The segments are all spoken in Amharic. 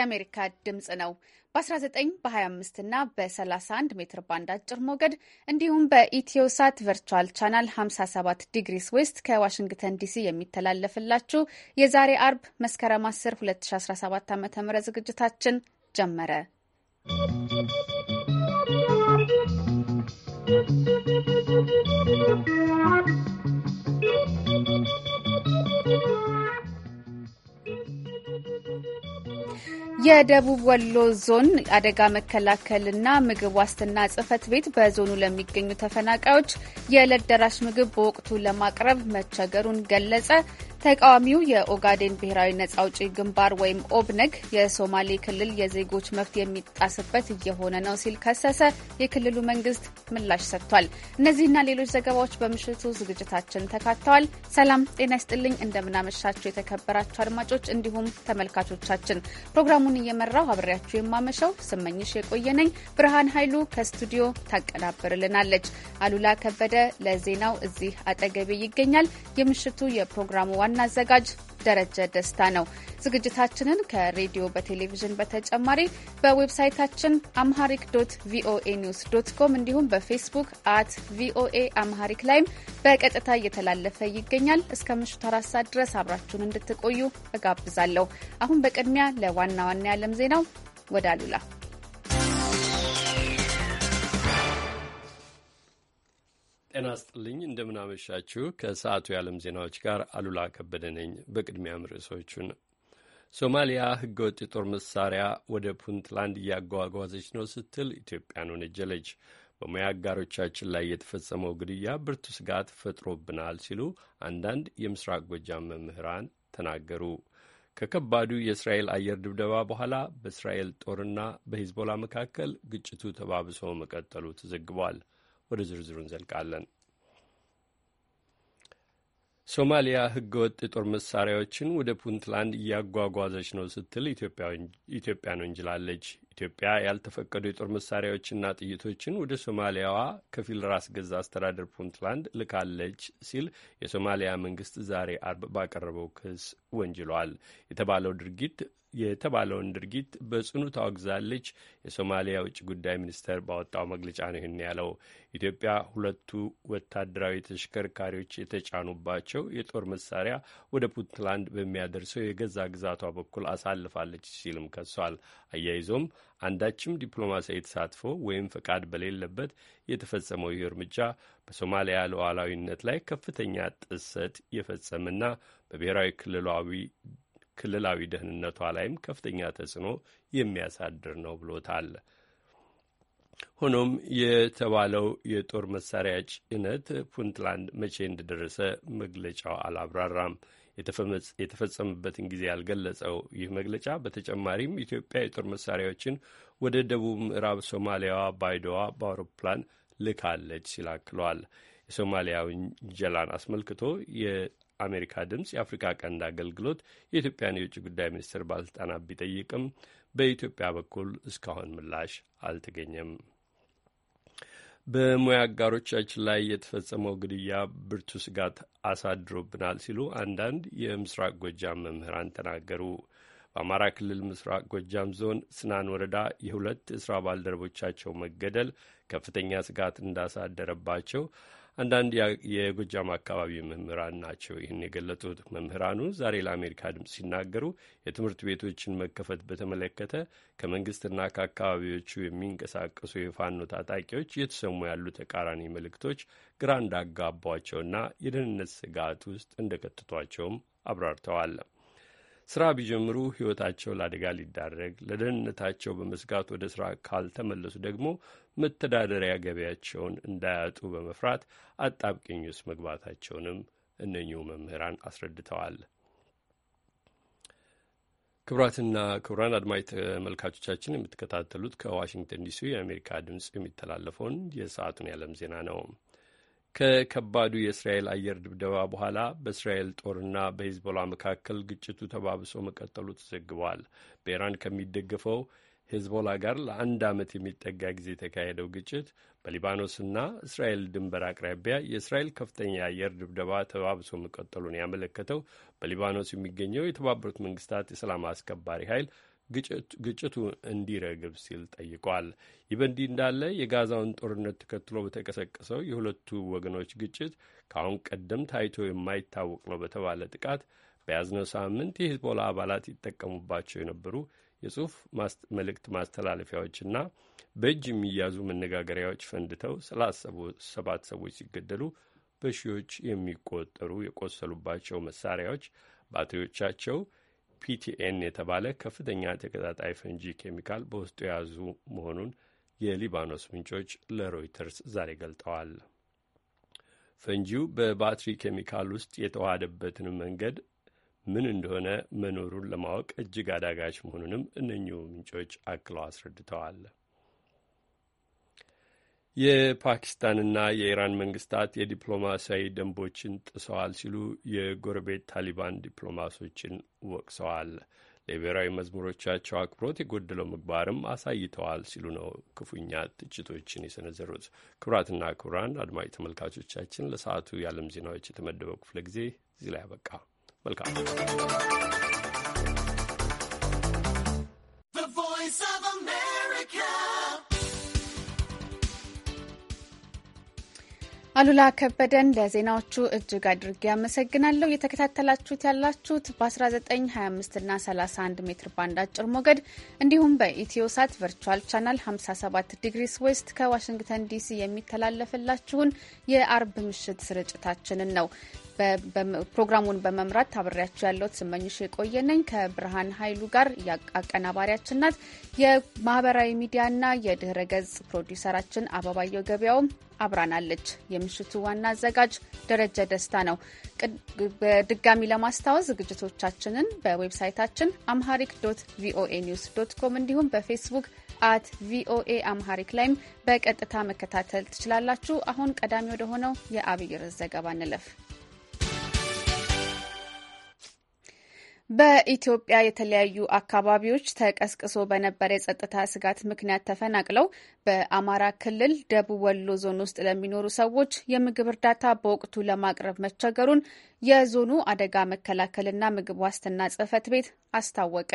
የአሜሪካ ድምፅ ነው። በ19 በ25 እና በ31 ሜትር ባንድ አጭር ሞገድ እንዲሁም በኢትዮሳት ቨርቹዋል ቻናል 57 ዲግሪስ ዌስት ከዋሽንግተን ዲሲ የሚተላለፍላችሁ የዛሬ አርብ መስከረም 10 2017 ም ዝግጅታችን ጀመረ። ¶¶ የደቡብ ወሎ ዞን አደጋ መከላከልና ምግብ ዋስትና ጽህፈት ቤት በዞኑ ለሚገኙ ተፈናቃዮች የዕለት ደራሽ ምግብ በወቅቱ ለማቅረብ መቸገሩን ገለጸ። ተቃዋሚው የኦጋዴን ብሔራዊ ነጻ አውጪ ግንባር ወይም ኦብነግ የሶማሌ ክልል የዜጎች መብት የሚጣስበት እየሆነ ነው ሲል ከሰሰ። የክልሉ መንግስት ምላሽ ሰጥቷል። እነዚህና ሌሎች ዘገባዎች በምሽቱ ዝግጅታችን ተካተዋል። ሰላም ጤና ይስጥልኝ። እንደምናመሻቸው የተከበራቸው አድማጮች እንዲሁም ተመልካቾቻችን። ፕሮግራሙን እየመራው አብሬያችሁ የማመሸው ስመኝሽ የቆየነኝ። ብርሃን ኃይሉ ከስቱዲዮ ታቀናብርልናለች። አሉላ ከበደ ለዜናው እዚህ አጠገቤ ይገኛል። የምሽቱ የፕሮግራሙ ዋና አዘጋጅ ደረጀ ደስታ ነው። ዝግጅታችንን ከሬዲዮ በቴሌቪዥን በተጨማሪ በዌብሳይታችን አምሃሪክ ዶት ቪኦኤ ኒውስ ዶት ኮም እንዲሁም በፌስቡክ አት ቪኦኤ አምሃሪክ ላይም በቀጥታ እየተላለፈ ይገኛል። እስከ ምሽቱ አራት ሰዓት ድረስ አብራችሁን እንድትቆዩ እጋብዛለሁ። አሁን በቅድሚያ ለዋና ዋና የዓለም ዜናው ወደ አሉላ ጤና ስጥልኝ እንደምናመሻችሁ። ከሰዓቱ የዓለም ዜናዎች ጋር አሉላ ከበደ ነኝ። በቅድሚያም ርዕሶቹን ሶማሊያ ህገወጥ የጦር መሳሪያ ወደ ፑንትላንድ እያጓጓዘች ነው ስትል ኢትዮጵያን ወነጀለች። በሙያ አጋሮቻችን ላይ የተፈጸመው ግድያ ብርቱ ስጋት ፈጥሮብናል ሲሉ አንዳንድ የምስራቅ ጎጃም መምህራን ተናገሩ። ከከባዱ የእስራኤል አየር ድብደባ በኋላ በእስራኤል ጦርና በሂዝቦላ መካከል ግጭቱ ተባብሶ መቀጠሉ ተዘግቧል። ወደ ዝርዝሩ እንዘልቃለን። ሶማሊያ ህገወጥ የጦር መሳሪያዎችን ወደ ፑንትላንድ እያጓጓዘች ነው ስትል ኢትዮጵያን ወንጅላለች። ኢትዮጵያ ያልተፈቀዱ የጦር መሳሪያዎችና ጥይቶችን ወደ ሶማሊያዋ ከፊል ራስ ገዛ አስተዳደር ፑንትላንድ ልካለች ሲል የሶማሊያ መንግስት ዛሬ አርብ ባቀረበው ክስ ወንጅሏል። የተባለው ድርጊት የተባለውን ድርጊት በጽኑ ታወግዛለች። የሶማሊያ ውጭ ጉዳይ ሚኒስቴር ባወጣው መግለጫ ነው ይህን ያለው። ኢትዮጵያ ሁለቱ ወታደራዊ ተሽከርካሪዎች የተጫኑባቸው የጦር መሳሪያ ወደ ፑንትላንድ በሚያደርሰው የገዛ ግዛቷ በኩል አሳልፋለች ሲልም ከሷል። አያይዞም አንዳችም ዲፕሎማሲያዊ ተሳትፎ ወይም ፈቃድ በሌለበት የተፈጸመው ይህ እርምጃ በሶማሊያ ሉዓላዊነት ላይ ከፍተኛ ጥሰት የፈጸመና በብሔራዊ ክልላዊ ደህንነቷ ላይም ከፍተኛ ተጽዕኖ የሚያሳድር ነው ብሎታል። ሆኖም የተባለው የጦር መሳሪያ ጭነት ፑንትላንድ መቼ እንደደረሰ መግለጫው አላብራራም። የተፈጸመበትን ጊዜ ያልገለጸው ይህ መግለጫ በተጨማሪም ኢትዮጵያ የጦር መሳሪያዎችን ወደ ደቡብ ምዕራብ ሶማሊያዋ ባይዶዋ በአውሮፕላን ልካለች ሲል አክሏል። የሶማሊያ ውንጀላን አስመልክቶ የአሜሪካ ድምፅ የአፍሪካ ቀንድ አገልግሎት የኢትዮጵያን የውጭ ጉዳይ ሚኒስትር ባለስልጣናት ቢጠይቅም በኢትዮጵያ በኩል እስካሁን ምላሽ አልተገኘም። በሙያ አጋሮቻችን ላይ የተፈጸመው ግድያ ብርቱ ስጋት አሳድሮብናል ሲሉ አንዳንድ የምስራቅ ጎጃም መምህራን ተናገሩ። በአማራ ክልል ምስራቅ ጎጃም ዞን ስናን ወረዳ የሁለት እስራ ባልደረቦቻቸው መገደል ከፍተኛ ስጋት እንዳሳደረባቸው አንዳንድ የጎጃም አካባቢ መምህራን ናቸው ይህን የገለጡት። መምህራኑ ዛሬ ለአሜሪካ ድምፅ ሲናገሩ የትምህርት ቤቶችን መከፈት በተመለከተ ከመንግስትና ከአካባቢዎቹ የሚንቀሳቀሱ የፋኖ ታጣቂዎች እየተሰሙ ያሉ ተቃራኒ ምልክቶች ግራ እንዳጋቧቸውና የደህንነት ስጋት ውስጥ እንደከተቷቸውም አብራርተዋል። ስራ ቢጀምሩ ሕይወታቸው ለአደጋ ሊዳረግ ለደህንነታቸው በመስጋት ወደ ስራ ካልተመለሱ ደግሞ መተዳደሪያ ገበያቸውን እንዳያጡ በመፍራት አጣብቂኝ ውስጥ መግባታቸውንም እነኚሁ መምህራን አስረድተዋል። ክቡራትና ክቡራን አድማጭ ተመልካቾቻችን የምትከታተሉት ከዋሽንግተን ዲሲ የአሜሪካ ድምፅ የሚተላለፈውን የሰዓቱን የዓለም ዜና ነው። ከከባዱ የእስራኤል አየር ድብደባ በኋላ በእስራኤል ጦርና በሂዝቦላ መካከል ግጭቱ ተባብሶ መቀጠሉ ተዘግቧል። በኢራን ከሚደገፈው ሂዝቦላ ጋር ለአንድ ዓመት የሚጠጋ ጊዜ የተካሄደው ግጭት በሊባኖስና እስራኤል ድንበር አቅራቢያ የእስራኤል ከፍተኛ የአየር ድብደባ ተባብሶ መቀጠሉን ያመለከተው በሊባኖስ የሚገኘው የተባበሩት መንግስታት የሰላም አስከባሪ ኃይል ግጭቱ እንዲረግብ ሲል ጠይቋል። ይህ በእንዲህ እንዳለ የጋዛውን ጦርነት ተከትሎ በተቀሰቀሰው የሁለቱ ወገኖች ግጭት ከአሁን ቀደም ታይቶ የማይታወቅ ነው በተባለ ጥቃት በያዝነው ሳምንት የሂዝቦላ አባላት ይጠቀሙባቸው የነበሩ የጽሁፍ መልእክት ማስተላለፊያዎችና በእጅ የሚያዙ መነጋገሪያዎች ፈንድተው ሰባት ሰዎች ሲገደሉ በሺዎች የሚቆጠሩ የቆሰሉባቸው መሳሪያዎች ባትሪዎቻቸው ፒቲኤን የተባለ ከፍተኛ ተቀጣጣይ ፈንጂ ኬሚካል በውስጡ የያዙ መሆኑን የሊባኖስ ምንጮች ለሮይተርስ ዛሬ ገልጠዋል። ፈንጂው በባትሪ ኬሚካል ውስጥ የተዋሃደበትን መንገድ ምን እንደሆነ መኖሩን ለማወቅ እጅግ አዳጋች መሆኑንም እነኚሁ ምንጮች አክለው አስረድተዋል። የፓኪስታንና የኢራን መንግስታት የዲፕሎማሲያዊ ደንቦችን ጥሰዋል ሲሉ የጎረቤት ታሊባን ዲፕሎማሶችን ወቅሰዋል። ለብሔራዊ መዝሙሮቻቸው አክብሮት የጎደለው ምግባርም አሳይተዋል ሲሉ ነው ክፉኛ ትችቶችን የሰነዘሩት። ክቡራትና ክቡራን አድማጭ ተመልካቾቻችን ለሰዓቱ የዓለም ዜናዎች የተመደበው ክፍለ ጊዜ እዚህ ላይ አበቃ። መልካም አሉላ ከበደን ለዜናዎቹ እጅግ አድርጌ አመሰግናለሁ። የተከታተላችሁት ያላችሁት በ1925 እና 31 ሜትር ባንድ አጭር ሞገድ እንዲሁም በኢትዮሳት ቨርቹዋል ቻናል 57 ዲግሪስ ዌስት ከዋሽንግተን ዲሲ የሚተላለፍላችሁን የአርብ ምሽት ስርጭታችንን ነው። ፕሮግራሙን በመምራት አብሬያችሁ ያለሁት ስመኝሽ የቆየነኝ ከብርሃን ኃይሉ ጋር አቀናባሪያችን ናት። የማህበራዊ ሚዲያና የድህረ ገጽ ፕሮዲውሰራችን አበባየው ገበያውም አብራናለች። የምሽቱ ዋና አዘጋጅ ደረጀ ደስታ ነው። በድጋሚ ለማስታወስ ዝግጅቶቻችንን በዌብሳይታችን አምሃሪክ ዶት ቪኦኤ ኒውስ ዶት ኮም እንዲሁም በፌስቡክ አት ቪኦኤ አምሃሪክ ላይም በቀጥታ መከታተል ትችላላችሁ። አሁን ቀዳሚ ወደሆነው የአብይ ርዕስ ዘገባ እንለፍ። በኢትዮጵያ የተለያዩ አካባቢዎች ተቀስቅሶ በነበረ የጸጥታ ስጋት ምክንያት ተፈናቅለው በአማራ ክልል ደቡብ ወሎ ዞን ውስጥ ለሚኖሩ ሰዎች የምግብ እርዳታ በወቅቱ ለማቅረብ መቸገሩን የዞኑ አደጋ መከላከልና ምግብ ዋስትና ጽህፈት ቤት አስታወቀ።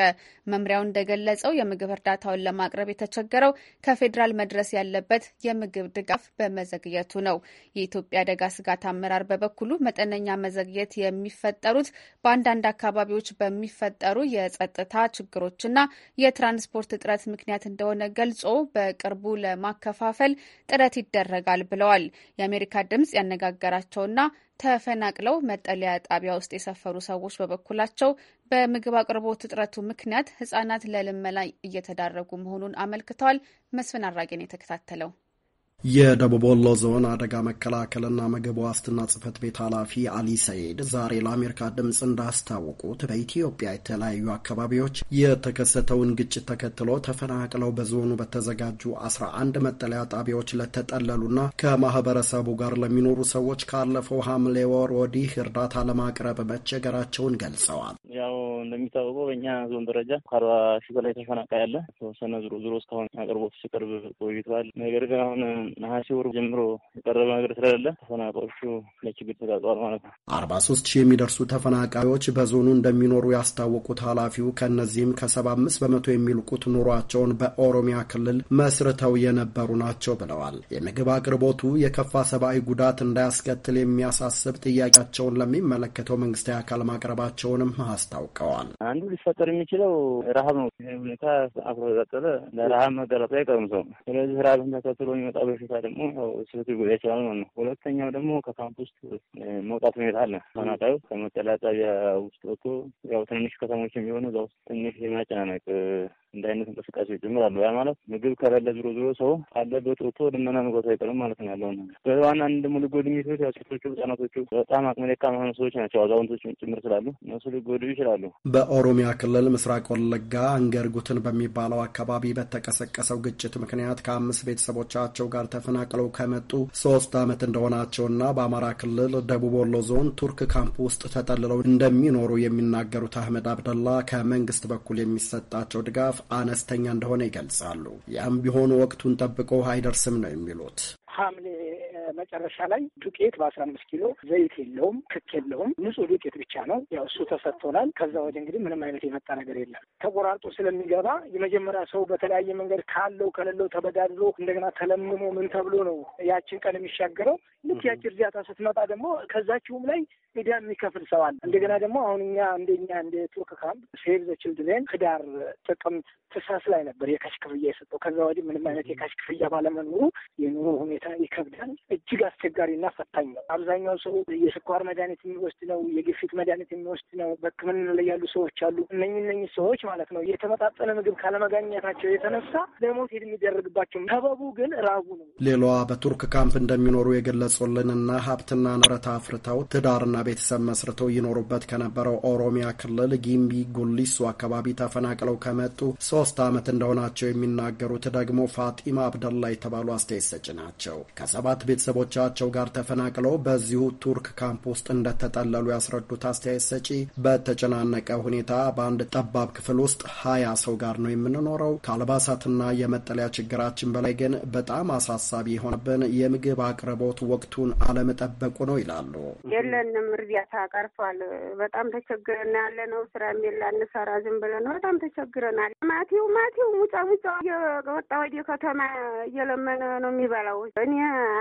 መምሪያው እንደገለጸው የምግብ እርዳታውን ለማቅረብ የተቸገረው ከፌዴራል መድረስ ያለበት የምግብ ድጋፍ በመዘግየቱ ነው። የኢትዮጵያ አደጋ ስጋት አመራር በበኩሉ መጠነኛ መዘግየት የሚፈጠሩት በአንዳንድ አካባቢዎች በሚፈጠሩ የጸጥታ ችግሮችና የትራንስፖርት እጥረት ምክንያት እንደሆነ ገልጾ በቅርቡ ለማከፋፈል ጥረት ይደረጋል ብለዋል። የአሜሪካ ድምጽ ያነጋገራቸውና ተፈናቅለው መጠለያ ጣቢያ ውስጥ የሰፈሩ ሰዎች በበኩላቸው በምግብ አቅርቦት እጥረቱ ምክንያት ህጻናት ለልመላ እየተዳረጉ መሆኑን አመልክተዋል። መስፍን አራጌን የተከታተለው የደቡብ ወሎ ዞን አደጋ መከላከልና ምግብ ዋስትና ጽህፈት ቤት ኃላፊ አሊ ሰይድ ዛሬ ለአሜሪካ ድምፅ እንዳስታወቁት በኢትዮጵያ የተለያዩ አካባቢዎች የተከሰተውን ግጭት ተከትሎ ተፈናቅለው በዞኑ በተዘጋጁ 11 መጠለያ ጣቢያዎች ለተጠለሉና ከማህበረሰቡ ጋር ለሚኖሩ ሰዎች ካለፈው ሐምሌ ወር ወዲህ እርዳታ ለማቅረብ መቸገራቸውን ገልጸዋል። ያው እንደሚታወቀው በእኛ ዞን ደረጃ ከአርባ ሺህ በላይ ተፈናቃይ ያለ ተወሰነ ዝሮ ዝሮ እስካሁን አቅርቦት ሲቀርብ ቆይቷል። ነገር ግን አሁን ነሐሴ ወር ጀምሮ የቀረበ ነገር ስለሌለ ተፈናቃዮቹ ለችግር ተጋጠዋል ማለት ነው። አርባ ሶስት ሺህ የሚደርሱ ተፈናቃዮች በዞኑ እንደሚኖሩ ያስታወቁት ኃላፊው ከእነዚህም ከሰባ አምስት በመቶ የሚልቁት ኑሯቸውን በኦሮሚያ ክልል መስርተው የነበሩ ናቸው ብለዋል። የምግብ አቅርቦቱ የከፋ ሰብአዊ ጉዳት እንዳያስከትል የሚያሳስብ ጥያቄያቸውን ለሚመለከተው መንግስታዊ አካል ማቅረባቸውንም አስታውቀዋል። አንዱ ሊፈጠር የሚችለው ረሃብ ነው። ይህ ሁኔታ አፍሮ ተቀጠለ ለረሃብ መጋለጡ አይቀርም ሰው። ስለዚህ ረሃብን ተከትሎ የሚመጣ በሽታ ደግሞ ስብት ጉዳይ ይችላል ማለት ነው። ሁለተኛው ደግሞ ከካምፕ ውስጥ መውጣት ሁኔታ አለ። ተፈናቃዩ ከመጠለያ ጣቢያ ውስጥ ወጥቶ ያው ትንንሽ ከተሞች የሚሆኑ እዛ ውስጥ ትንሽ የሚያጨናነቅ እንደ አይነት እንቅስቃሴዎች ይጀምራሉ። ያ ማለት ምግብ ከሌለ ዞሮ ዞሮ ሰው ካለበት ወጥቶ ልመና መግባት አይቀርም ማለት ነው ያለው ነገር። በዋናነት ደግሞ ሊጎዱ የሚችሉት ያው ሴቶቹ፣ ህጻናቶቹ በጣም አቅመ ደካማ የሆኑ ሰዎች ናቸው። አዛውንቶች ጭምር ስላሉ እነሱ ሊጎዱ ይችላሉ። በኦሮሚያ ክልል ምስራቅ ወለጋ እንገርጉትን በሚባለው አካባቢ በተቀሰቀሰው ግጭት ምክንያት ከአምስት ቤተሰቦቻቸው ጋር ተፈናቅለው ከመጡ ሶስት ዓመት እንደሆናቸውና በአማራ ክልል ደቡብ ወሎ ዞን ቱርክ ካምፕ ውስጥ ተጠልለው እንደሚኖሩ የሚናገሩት አህመድ አብደላ ከመንግስት በኩል የሚሰጣቸው ድጋፍ አነስተኛ እንደሆነ ይገልጻሉ። ያም ቢሆኑ ወቅቱን ጠብቆ አይደርስም ነው የሚሉት። ሐምሌ መጨረሻ ላይ ዱቄት በአስራ አምስት ኪሎ ዘይት የለውም፣ ክክ የለውም፣ ንጹህ ዱቄት ብቻ ነው። ያው እሱ ተሰጥቶናል። ከዛ ወዲህ እንግዲህ ምንም አይነት የመጣ ነገር የለም። ተቆራርጦ ስለሚገባ የመጀመሪያ ሰው በተለያየ መንገድ ካለው ከሌለው ተበዳድሮ እንደገና ተለምሞ ምን ተብሎ ነው ያችን ቀን የሚሻገረው። ልክ ያቺ እርዳታ ስትመጣ ደግሞ ከዛችሁም ላይ ዕዳ የሚከፍል ሰው አለ። እንደገና ደግሞ አሁን እኛ እንደኛ እንደ ቱርክ ካምፕ ሴቭ ዘ ችልድሬን ህዳር፣ ጥቅምት፣ ታህሳስ ላይ ነበር የካሽ ክፍያ የሰጠው። ከዛ ወዲህ ምንም አይነት የካሽ ክፍያ ባለመኖሩ የኑሮ ሁኔታ ይከብዳል። እጅግ አስቸጋሪ እና ፈታኝ ነው። አብዛኛው ሰው የስኳር መድኃኒት የሚወስድ ነው፣ የግፊት መድኃኒት የሚወስድ ነው። በሕክምና ላይ ያሉ ሰዎች አሉ። እነኝ እነኝ ሰዎች ማለት ነው የተመጣጠነ ምግብ ካለመጋኘታቸው የተነሳ ለሞት የሚደረግባቸው ሰበቡ ግን ራቡ ነው። ሌላዋ በቱርክ ካምፕ እንደሚኖሩ የገለጹልንና ሀብትና ንብረት አፍርተው ትዳርና ቤተሰብ መስርተው ይኖሩበት ከነበረው ኦሮሚያ ክልል ጊምቢ ጉሊሱ አካባቢ ተፈናቅለው ከመጡ ሶስት ዓመት እንደሆናቸው የሚናገሩት ደግሞ ፋጢማ አብደላ የተባሉ አስተያየት ሰጭ ናቸው። ከሰባት ቤተሰ ከቤተሰቦቻቸው ጋር ተፈናቅለው በዚሁ ቱርክ ካምፕ ውስጥ እንደተጠለሉ ያስረዱት አስተያየት ሰጪ በተጨናነቀ ሁኔታ በአንድ ጠባብ ክፍል ውስጥ ሀያ ሰው ጋር ነው የምንኖረው። ከአልባሳትና የመጠለያ ችግራችን በላይ ግን በጣም አሳሳቢ የሆነብን የምግብ አቅርቦት ወቅቱን አለመጠበቁ ነው ይላሉ። የለንም፣ እርዳታ ቀርቷል። በጣም ተቸግረን ያለ ነው። ስራ የሚላ እንሰራ ዝም ብለን በጣም ተቸግረናል። ማቴው ማቴው ሙጫ ሙጫ ወጣ ወደ ከተማ እየለመነ ነው የሚበላው። እኔ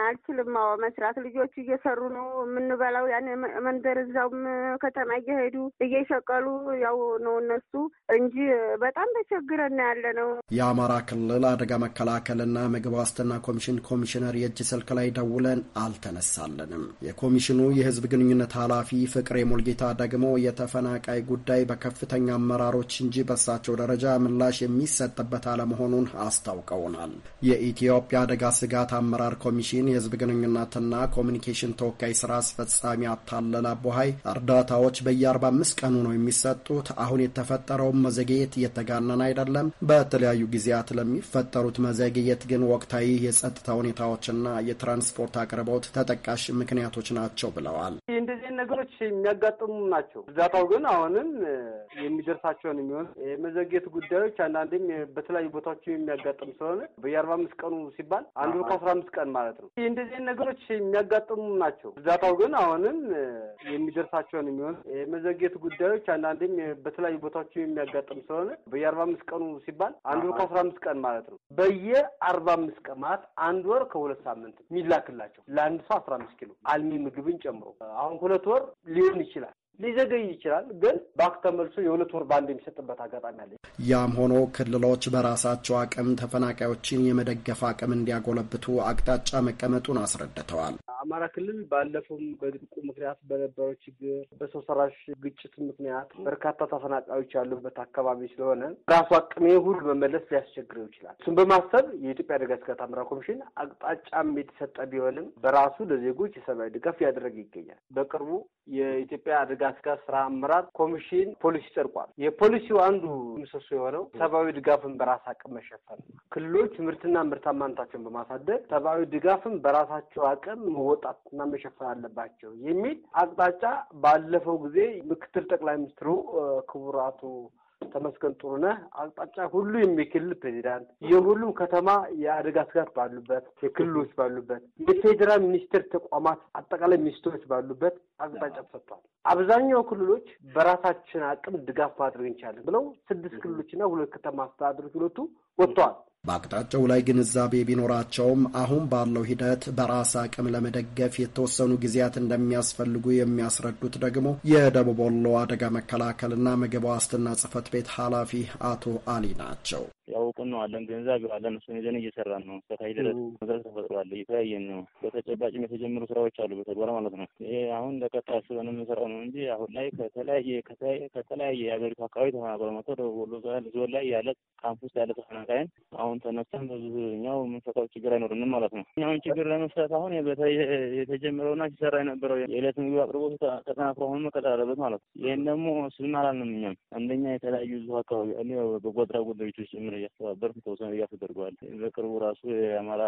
አልችል አልችልም መስራት። ልጆቹ እየሰሩ ነው የምንበላው። ያን መንደር እዛውም ከተማ እየሄዱ እየሸቀሉ ያው ነው እነሱ እንጂ በጣም ተቸግረና ያለ ነው። የአማራ ክልል አደጋ መከላከልና ምግብ ዋስትና ኮሚሽን ኮሚሽነር የእጅ ስልክ ላይ ደውለን አልተነሳለንም። የኮሚሽኑ የህዝብ ግንኙነት ኃላፊ ፍቅሬ ሞልጌታ ደግሞ የተፈናቃይ ጉዳይ በከፍተኛ አመራሮች እንጂ በሳቸው ደረጃ ምላሽ የሚሰጥበት አለመሆኑን አስታውቀውናል። የኢትዮጵያ አደጋ ስጋት አመራር ኮሚሽን የህዝብ ግንኙነትና ኮሚኒኬሽን ተወካይ ስራ አስፈጻሚ አታለላ ቦሃይ እርዳታዎች በየ45 ቀኑ ነው የሚሰጡት። አሁን የተፈጠረውን መዘግየት እየተጋነን አይደለም። በተለያዩ ጊዜያት ለሚፈጠሩት መዘግየት ግን ወቅታዊ የጸጥታ ሁኔታዎችና የትራንስፖርት አቅርቦት ተጠቃሽ ምክንያቶች ናቸው ብለዋል። እንደዚህ ነገሮች የሚያጋጥሙ ናቸው። እርዳታው ግን አሁንም የሚደርሳቸውን የሚሆን የመዘግየት ጉዳዮች አንዳንዴም በተለያዩ ቦታዎች የሚያጋጥም ስለሆነ በየአርባ አምስት ቀኑ ሲባል አንዱ ከአስራ አምስት ቀን ማለት ነው። አይነት ነገሮች የሚያጋጥሙ ናቸው። እርዳታው ግን አሁንም የሚደርሳቸውን የሚሆን የመዘግየት ጉዳዮች አንዳንዴም በተለያዩ ቦታዎች የሚያጋጥም ስለሆነ በየአርባ አምስት ቀኑ ሲባል አንድ ወር ከአስራ አምስት ቀን ማለት ነው። በየአርባ አምስት ቀን ማለት አንድ ወር ከሁለት ሳምንት የሚላክላቸው ለአንድ ሰው አስራ አምስት ኪሎ አልሚ ምግብን ጨምሮ አሁን ሁለት ወር ሊሆን ይችላል። ሊዘገይ ይችላል፣ ግን ባክ ተመልሶ የሁለት ወር ባንድ የሚሰጥበት አጋጣሚ አለ። ያም ሆኖ ክልሎች በራሳቸው አቅም ተፈናቃዮችን የመደገፍ አቅም እንዲያጎለብቱ አቅጣጫ መቀመጡን አስረድተዋል። አማራ ክልል ባለፈውም በድርቁ ምክንያት በነበረው ችግር በሰው ሰራሽ ግጭት ምክንያት በርካታ ተፈናቃዮች ያሉበት አካባቢ ስለሆነ ራሱ አቅሜ ሁሉ መመለስ ሊያስቸግረው ይችላል። እሱም በማሰብ የኢትዮጵያ አደጋ ስጋት አመራ ኮሚሽን አቅጣጫም የተሰጠ ቢሆንም በራሱ ለዜጎች የሰብአዊ ድጋፍ እያደረገ ይገኛል። በቅርቡ የኢትዮጵያ አደጋ ድጋፍ ስራ አመራር ኮሚሽን ፖሊሲ ጸድቋል። የፖሊሲው አንዱ ምሰሶ የሆነው ሰብአዊ ድጋፍን በራስ አቅም መሸፈን፣ ክልሎች ምርትና ምርታማነታቸውን በማሳደግ ሰብአዊ ድጋፍን በራሳቸው አቅም መወጣትና መሸፈን አለባቸው የሚል አቅጣጫ ባለፈው ጊዜ ምክትል ጠቅላይ ሚኒስትሩ ክቡር አቶ ተመስገን ጥሩነህ አቅጣጫ ሁሉ የሚክል ፕሬዚዳንት የሁሉም ከተማ የአደጋ ስጋት ባሉበት የክልሎች ባሉበት የፌዴራል ሚኒስቴር ተቋማት አጠቃላይ ሚኒስትሮች ባሉበት አቅጣጫ ተሰጥቷል። አብዛኛው ክልሎች በራሳችን አቅም ድጋፍ ማድረግ እንችላለን ብለው ስድስት ክልሎችና ሁለት ከተማ አስተዳደሮች ሁለቱ ወጥተዋል። በአቅጣጫው ላይ ግንዛቤ ቢኖራቸውም አሁን ባለው ሂደት በራስ አቅም ለመደገፍ የተወሰኑ ጊዜያት እንደሚያስፈልጉ የሚያስረዱት ደግሞ የደቡብ ወሎ አደጋ መከላከልና ምግብ ዋስትና ጽህፈት ቤት ኃላፊ አቶ አሊ ናቸው። ያውቁን ነው አለን ገንዘብ አለን እሱን ይዘን እየሰራ ነው። እስከታይ ድረስ መዘር ተፈጥሯል። እየተያየን ነው። በተጨባጭም የተጀመሩ ስራዎች አሉ፣ በተግባር ማለት ነው። ይሄ አሁን ለቀጣይ አስበን የምንሰራው ነው እንጂ አሁን ላይ ከተለያየ ከተለያየ የሀገሪቱ አካባቢ ተፈናቅሎ መጥቶ ደቡብ ወሎ ዞን ላይ ያለ ካምፕ ውስጥ ያለ ተፈናቃይን አሁን ተነስተን በዙኛው የምንፈታው ችግር አይኖርንም ማለት ነው። እኛውን ችግር ለመፍታት አሁን የተጀመረውና ሲሰራ የነበረው የዕለት ምግብ አቅርቦት ተጠናክሮ አሁን መቀጠል አለበት ማለት ነው። ይህን ደግሞ ስብን አላልንም። እኛም አንደኛ የተለያዩ ዙ አካባቢ በጎ አድራጎት ድርጅቶች ጭምር ተወሰነ እያስተባበር ተወሰነ ድጋፍ ተደርገዋል። በቅርቡ ራሱ የአማራ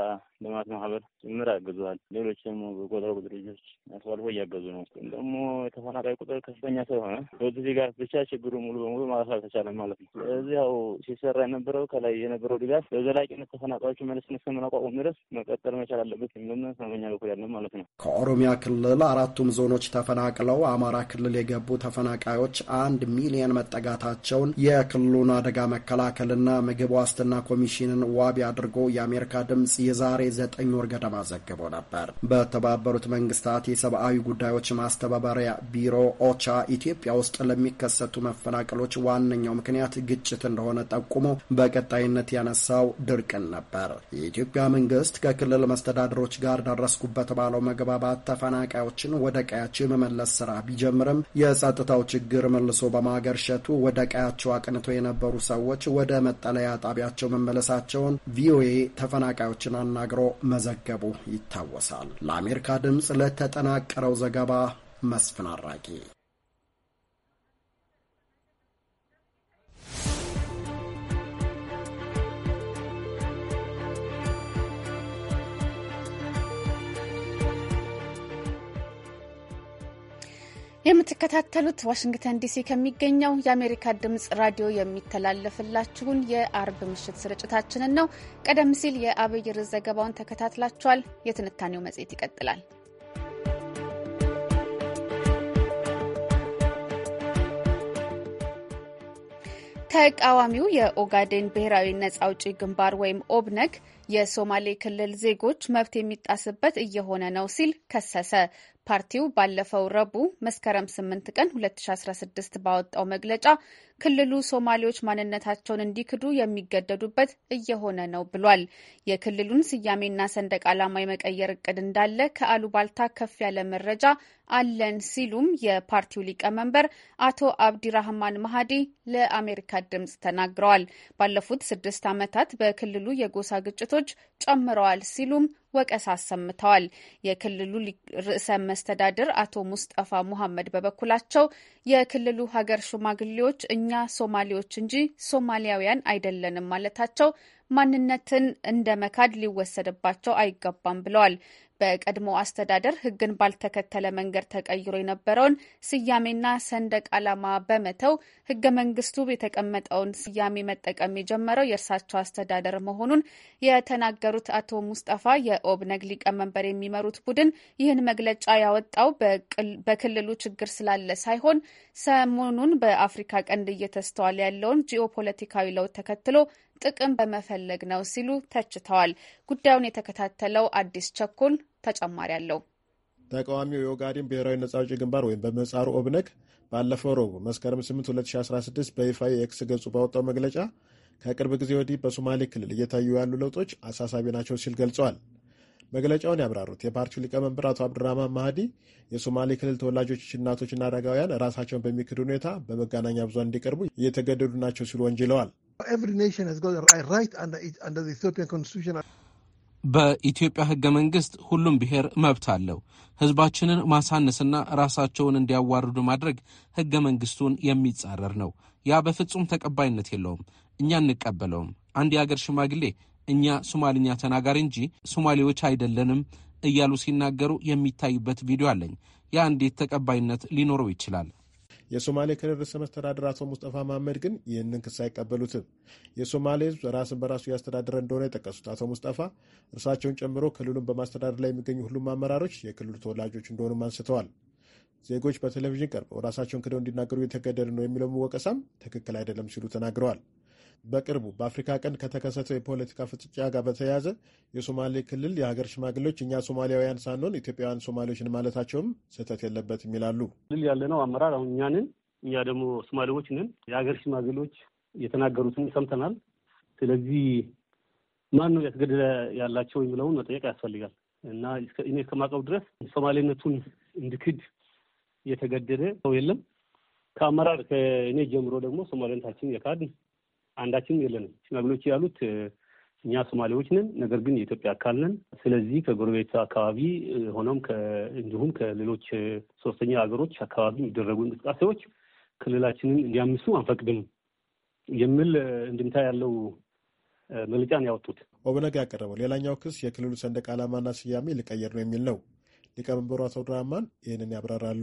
ልማት ማህበር ጭምር አግዘዋል። ሌሎች ደግሞ በቆጠሮ ድርጅቶች አልፎ አልፎ እያገዙ ነው። ደግሞ የተፈናቃይ ቁጥር ከፍተኛ ስለሆነ በዚህ ድጋፍ ብቻ ችግሩ ሙሉ በሙሉ ማለፍ አልተቻለም ማለት ነው። ስለዚህ ያው ሲሰራ የነበረው ከላይ የነበረው ድጋፍ በዘላቂነት ተፈናቃዮች መልስነት እስከምናቋቁም ድረስ መቀጠል መቻል አለበት የሚለምነት በኛ በኩል ያለን ማለት ነው። ከኦሮሚያ ክልል አራቱም ዞኖች ተፈናቅለው አማራ ክልል የገቡ ተፈናቃዮች አንድ ሚሊየን መጠጋታቸውን የክልሉን አደጋ መከላከልና የምግብ ዋስትና ኮሚሽንን ዋቢ አድርጎ የአሜሪካ ድምፅ የዛሬ ዘጠኝ ወር ገደማ ዘግቦ ነበር። በተባበሩት መንግስታት የሰብአዊ ጉዳዮች ማስተባበሪያ ቢሮ ኦቻ ኢትዮጵያ ውስጥ ለሚከሰቱ መፈናቀሎች ዋነኛው ምክንያት ግጭት እንደሆነ ጠቁሞ በቀጣይነት ያነሳው ድርቅን ነበር። የኢትዮጵያ መንግስት ከክልል መስተዳድሮች ጋር ደረስኩበት ባለው መግባባት ተፈናቃዮችን ወደ ቀያቸው የመመለስ ስራ ቢጀምርም የጸጥታው ችግር መልሶ በማገርሸቱ ወደ ቀያቸው አቅንተው የነበሩ ሰዎች ወደ መጠለያ መጠለያ ጣቢያቸው መመለሳቸውን ቪኦኤ ተፈናቃዮችን አናግሮ መዘገቡ ይታወሳል። ለአሜሪካ ድምፅ ለተጠናቀረው ዘገባ መስፍን አራቂ የምትከታተሉት ዋሽንግተን ዲሲ ከሚገኘው የአሜሪካ ድምጽ ራዲዮ የሚተላለፍላችሁን የአርብ ምሽት ስርጭታችንን ነው። ቀደም ሲል የአብይ ርዕስ ዘገባውን ተከታትላችኋል። የትንታኔው መጽሔት ይቀጥላል። ተቃዋሚው የኦጋዴን ብሔራዊ ነጻ አውጪ ግንባር ወይም ኦብነግ የሶማሌ ክልል ዜጎች መብት የሚጣስበት እየሆነ ነው ሲል ከሰሰ። ፓርቲው ባለፈው ረቡዕ መስከረም 8 ቀን 2016 ባወጣው መግለጫ ክልሉ ሶማሌዎች ማንነታቸውን እንዲክዱ የሚገደዱበት እየሆነ ነው ብሏል። የክልሉን ስያሜና ሰንደቅ ዓላማ የመቀየር እቅድ እንዳለ ከአሉባልታ ከፍ ያለ መረጃ አለን ሲሉም የፓርቲው ሊቀመንበር አቶ አብዲራህማን ማሃዲ ለአሜሪካ ድምጽ ተናግረዋል። ባለፉት ስድስት ዓመታት በክልሉ የጎሳ ግጭቶች ጨምረዋል ሲሉም ወቀሳ አሰምተዋል። የክልሉ ርዕሰ መስተዳድር አቶ ሙስጠፋ ሙሐመድ በበኩላቸው የክልሉ ሀገር ሽማግሌዎች እኛ ሶማሌዎች እንጂ ሶማሊያውያን አይደለንም ማለታቸው ማንነትን እንደ መካድ ሊወሰድባቸው አይገባም ብለዋል። በቀድሞ አስተዳደር ሕግን ባልተከተለ መንገድ ተቀይሮ የነበረውን ስያሜና ሰንደቅ ዓላማ በመተው ሕገ መንግስቱ የተቀመጠውን ስያሜ መጠቀም የጀመረው የእርሳቸው አስተዳደር መሆኑን የተናገሩት አቶ ሙስጠፋ የኦብነግ ሊቀመንበር የሚመሩት ቡድን ይህን መግለጫ ያወጣው በክልሉ ችግር ስላለ ሳይሆን ሰሞኑን በአፍሪካ ቀንድ እየተስተዋለ ያለውን ጂኦፖለቲካዊ ለውጥ ተከትሎ ጥቅም በመፈለግ ነው ሲሉ ተችተዋል። ጉዳዩን የተከታተለው አዲስ ቸኩል ተጨማሪ አለው። ተቃዋሚው የኦጋዴን ብሔራዊ ነጻ አውጪ ግንባር ወይም በመጻሩ ኦብነግ ባለፈው ረቡዕ መስከረም 8 2016 በይፋ የኤክስ ገጹ ባወጣው መግለጫ ከቅርብ ጊዜ ወዲህ በሶማሌ ክልል እየታዩ ያሉ ለውጦች አሳሳቢ ናቸው ሲል ገልጸዋል። መግለጫውን ያብራሩት የፓርቲው ሊቀመንበር አቶ አብዱራህማን ማህዲ የሶማሌ ክልል ተወላጆች፣ እናቶችና አረጋውያን ራሳቸውን በሚክድ ሁኔታ በመገናኛ ብዙሃን እንዲቀርቡ እየተገደዱ ናቸው ሲሉ ወንጅለዋል። Every nation በኢትዮጵያ ህገ መንግስት ሁሉም ብሔር መብት አለው። ህዝባችንን ማሳነስና ራሳቸውን እንዲያዋርዱ ማድረግ ህገ መንግስቱን የሚጻረር ነው። ያ በፍጹም ተቀባይነት የለውም። እኛ እንቀበለውም። አንድ የአገር ሽማግሌ እኛ ሶማልኛ ተናጋሪ እንጂ ሶማሌዎች አይደለንም እያሉ ሲናገሩ የሚታይበት ቪዲዮ አለኝ። ያ እንዴት ተቀባይነት ሊኖረው ይችላል? የሶማሌ ክልል ርዕሰ መስተዳድር አቶ ሙስጠፋ መሐመድ ግን ይህንን ክስ አይቀበሉትም። የሶማሌ ሕዝብ ራስን በራሱ እያስተዳደረ እንደሆነ የጠቀሱት አቶ ሙስጠፋ እርሳቸውን ጨምሮ ክልሉን በማስተዳደር ላይ የሚገኙ ሁሉም አመራሮች የክልሉ ተወላጆች እንደሆኑም አንስተዋል። ዜጎች በቴሌቪዥን ቀርበው ራሳቸውን ክደው እንዲናገሩ እየተገደሉ ነው የሚለው መወቀሳም ትክክል አይደለም ሲሉ ተናግረዋል። በቅርቡ በአፍሪካ ቀንድ ከተከሰተው የፖለቲካ ፍጥጫ ጋር በተያያዘ የሶማሌ ክልል የሀገር ሽማግሌዎች እኛ ሶማሊያውያን ሳንሆን ኢትዮጵያውያን ሶማሌዎችን ማለታቸውም ስህተት የለበትም ይላሉ። ክልል ያለነው አመራር አሁን እኛ ነን፣ እኛ ደግሞ ሶማሌዎች ነን። የሀገር ሽማግሌዎች የተናገሩትን ሰምተናል። ስለዚህ ማን ነው ያስገደለ ያላቸው የሚለውን መጠየቅ ያስፈልጋል እና እኔ እስከማውቀው ድረስ ሶማሌነቱን እንድክድ የተገደደ ሰው የለም። ከአመራር ከእኔ ጀምሮ ደግሞ ሶማሌነታችን የካድ አንዳችንም የለንም። ሽማግሌዎች ያሉት እኛ ሶማሌዎች ነን፣ ነገር ግን የኢትዮጵያ አካል ነን። ስለዚህ ከጎረቤት አካባቢ ሆኖም እንዲሁም ከሌሎች ሶስተኛ ሀገሮች አካባቢ የሚደረጉ እንቅስቃሴዎች ክልላችንን እንዲያምሱ አንፈቅድም የሚል እንድምታ ያለው መግለጫ ነው ያወጡት። ኦብነግ ያቀረበው ሌላኛው ክስ የክልሉ ሰንደቅ ዓላማና ስያሜ ሊቀየር ነው የሚል ነው። ሊቀመንበሩ አቶ ድራማን ይህንን ያብራራሉ።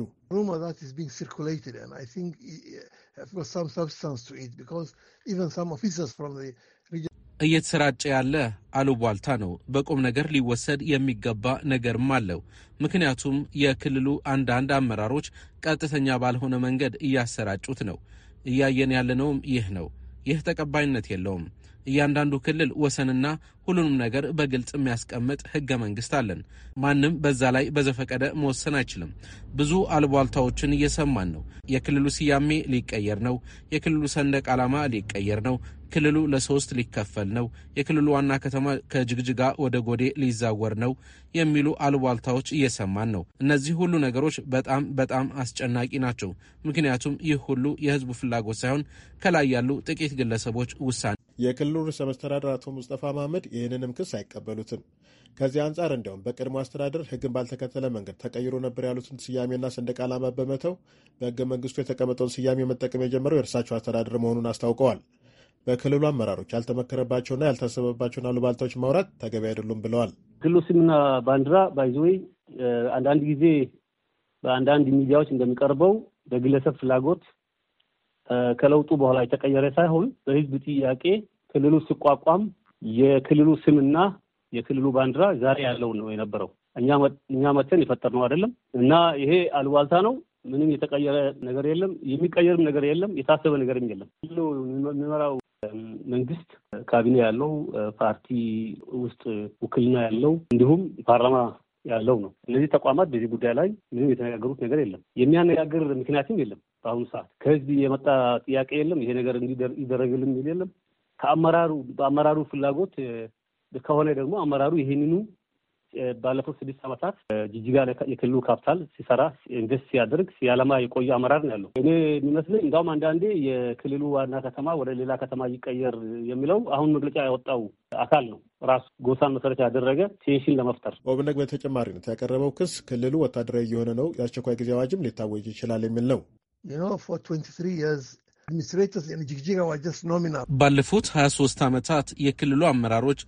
have got some substance to it because even some officers from the region እየተሰራጨ ያለ አሉቧልታ ነው። በቁም ነገር ሊወሰድ የሚገባ ነገርም አለው። ምክንያቱም የክልሉ አንዳንድ አመራሮች ቀጥተኛ ባልሆነ መንገድ እያሰራጩት ነው። እያየን ያለነውም ይህ ነው። ይህ ተቀባይነት የለውም። እያንዳንዱ ክልል ወሰንና ሁሉንም ነገር በግልጽ የሚያስቀምጥ ህገ መንግስት አለን። ማንም በዛ ላይ በዘፈቀደ መወሰን አይችልም። ብዙ አልቧልታዎችን እየሰማን ነው። የክልሉ ስያሜ ሊቀየር ነው፣ የክልሉ ሰንደቅ ዓላማ ሊቀየር ነው፣ ክልሉ ለሶስት ሊከፈል ነው፣ የክልሉ ዋና ከተማ ከጅግጅጋ ወደ ጎዴ ሊዛወር ነው የሚሉ አልቧልታዎች እየሰማን ነው። እነዚህ ሁሉ ነገሮች በጣም በጣም አስጨናቂ ናቸው። ምክንያቱም ይህ ሁሉ የህዝቡ ፍላጎት ሳይሆን ከላይ ያሉ ጥቂት ግለሰቦች ውሳኔ የክልሉ ርዕሰ መስተዳደር አቶ ሙስጠፋ ማህመድ ይህንንም ክስ አይቀበሉትም። ከዚህ አንጻር እንዲያውም በቀድሞ አስተዳደር ሕግን ባልተከተለ መንገድ ተቀይሮ ነበር ያሉትን ስያሜና ሰንደቅ ዓላማ በመተው በሕገ መንግስቱ የተቀመጠውን ስያሜ መጠቀም የጀመረው የእርሳቸው አስተዳደር መሆኑን አስታውቀዋል። በክልሉ አመራሮች ያልተመከረባቸውና ያልታሰበባቸውን አሉባልታዎች ማውራት ተገቢ አይደሉም ብለዋል። ክልሉ ስምና ባንዲራ ባይዘወይ አንዳንድ ጊዜ በአንዳንድ ሚዲያዎች እንደሚቀርበው በግለሰብ ፍላጎት ከለውጡ በኋላ የተቀየረ ሳይሆን በህዝብ ጥያቄ ክልሉ ሲቋቋም የክልሉ ስምና የክልሉ ባንዲራ ዛሬ ያለው ነው የነበረው። እኛ መተን የፈጠርነው አይደለም እና ይሄ አልዋልታ ነው። ምንም የተቀየረ ነገር የለም። የሚቀየርም ነገር የለም። የታሰበ ነገርም የለም። የሚመራው መንግስት ካቢኔ ያለው ፓርቲ ውስጥ ውክልና ያለው እንዲሁም ፓርላማ ያለው ነው። እነዚህ ተቋማት በዚህ ጉዳይ ላይ ምንም የተነጋገሩት ነገር የለም። የሚያነጋግር ምክንያትም የለም። በአሁኑ ሰዓት ከህዝብ የመጣ ጥያቄ የለም። ይሄ ነገር እንዲደረግልን የሚል የለም። ከአመራሩ በአመራሩ ፍላጎት ከሆነ ደግሞ አመራሩ ይህንኑ ባለፉት ስድስት ዓመታት ጅጅጋ የክልሉ ካፒታል ሲሰራ ኢንቨስት ሲያደርግ ሲያለማ የቆየ አመራር ነው ያለው። እኔ የሚመስለኝ እንዲሁም አንዳንዴ የክልሉ ዋና ከተማ ወደ ሌላ ከተማ ይቀየር የሚለው አሁን መግለጫ ያወጣው አካል ነው ራሱ ጎሳን መሰረት ያደረገ ሴሽን ለመፍጠር። ኦብነግ በተጨማሪነት ያቀረበው ክስ ክልሉ ወታደራዊ የሆነ ነው፣ የአስቸኳይ ጊዜ አዋጅም ሊታወጅ ይችላል የሚል ነው። 23 ባለፉት 23 ዓመታት የክልሉ አመራሮች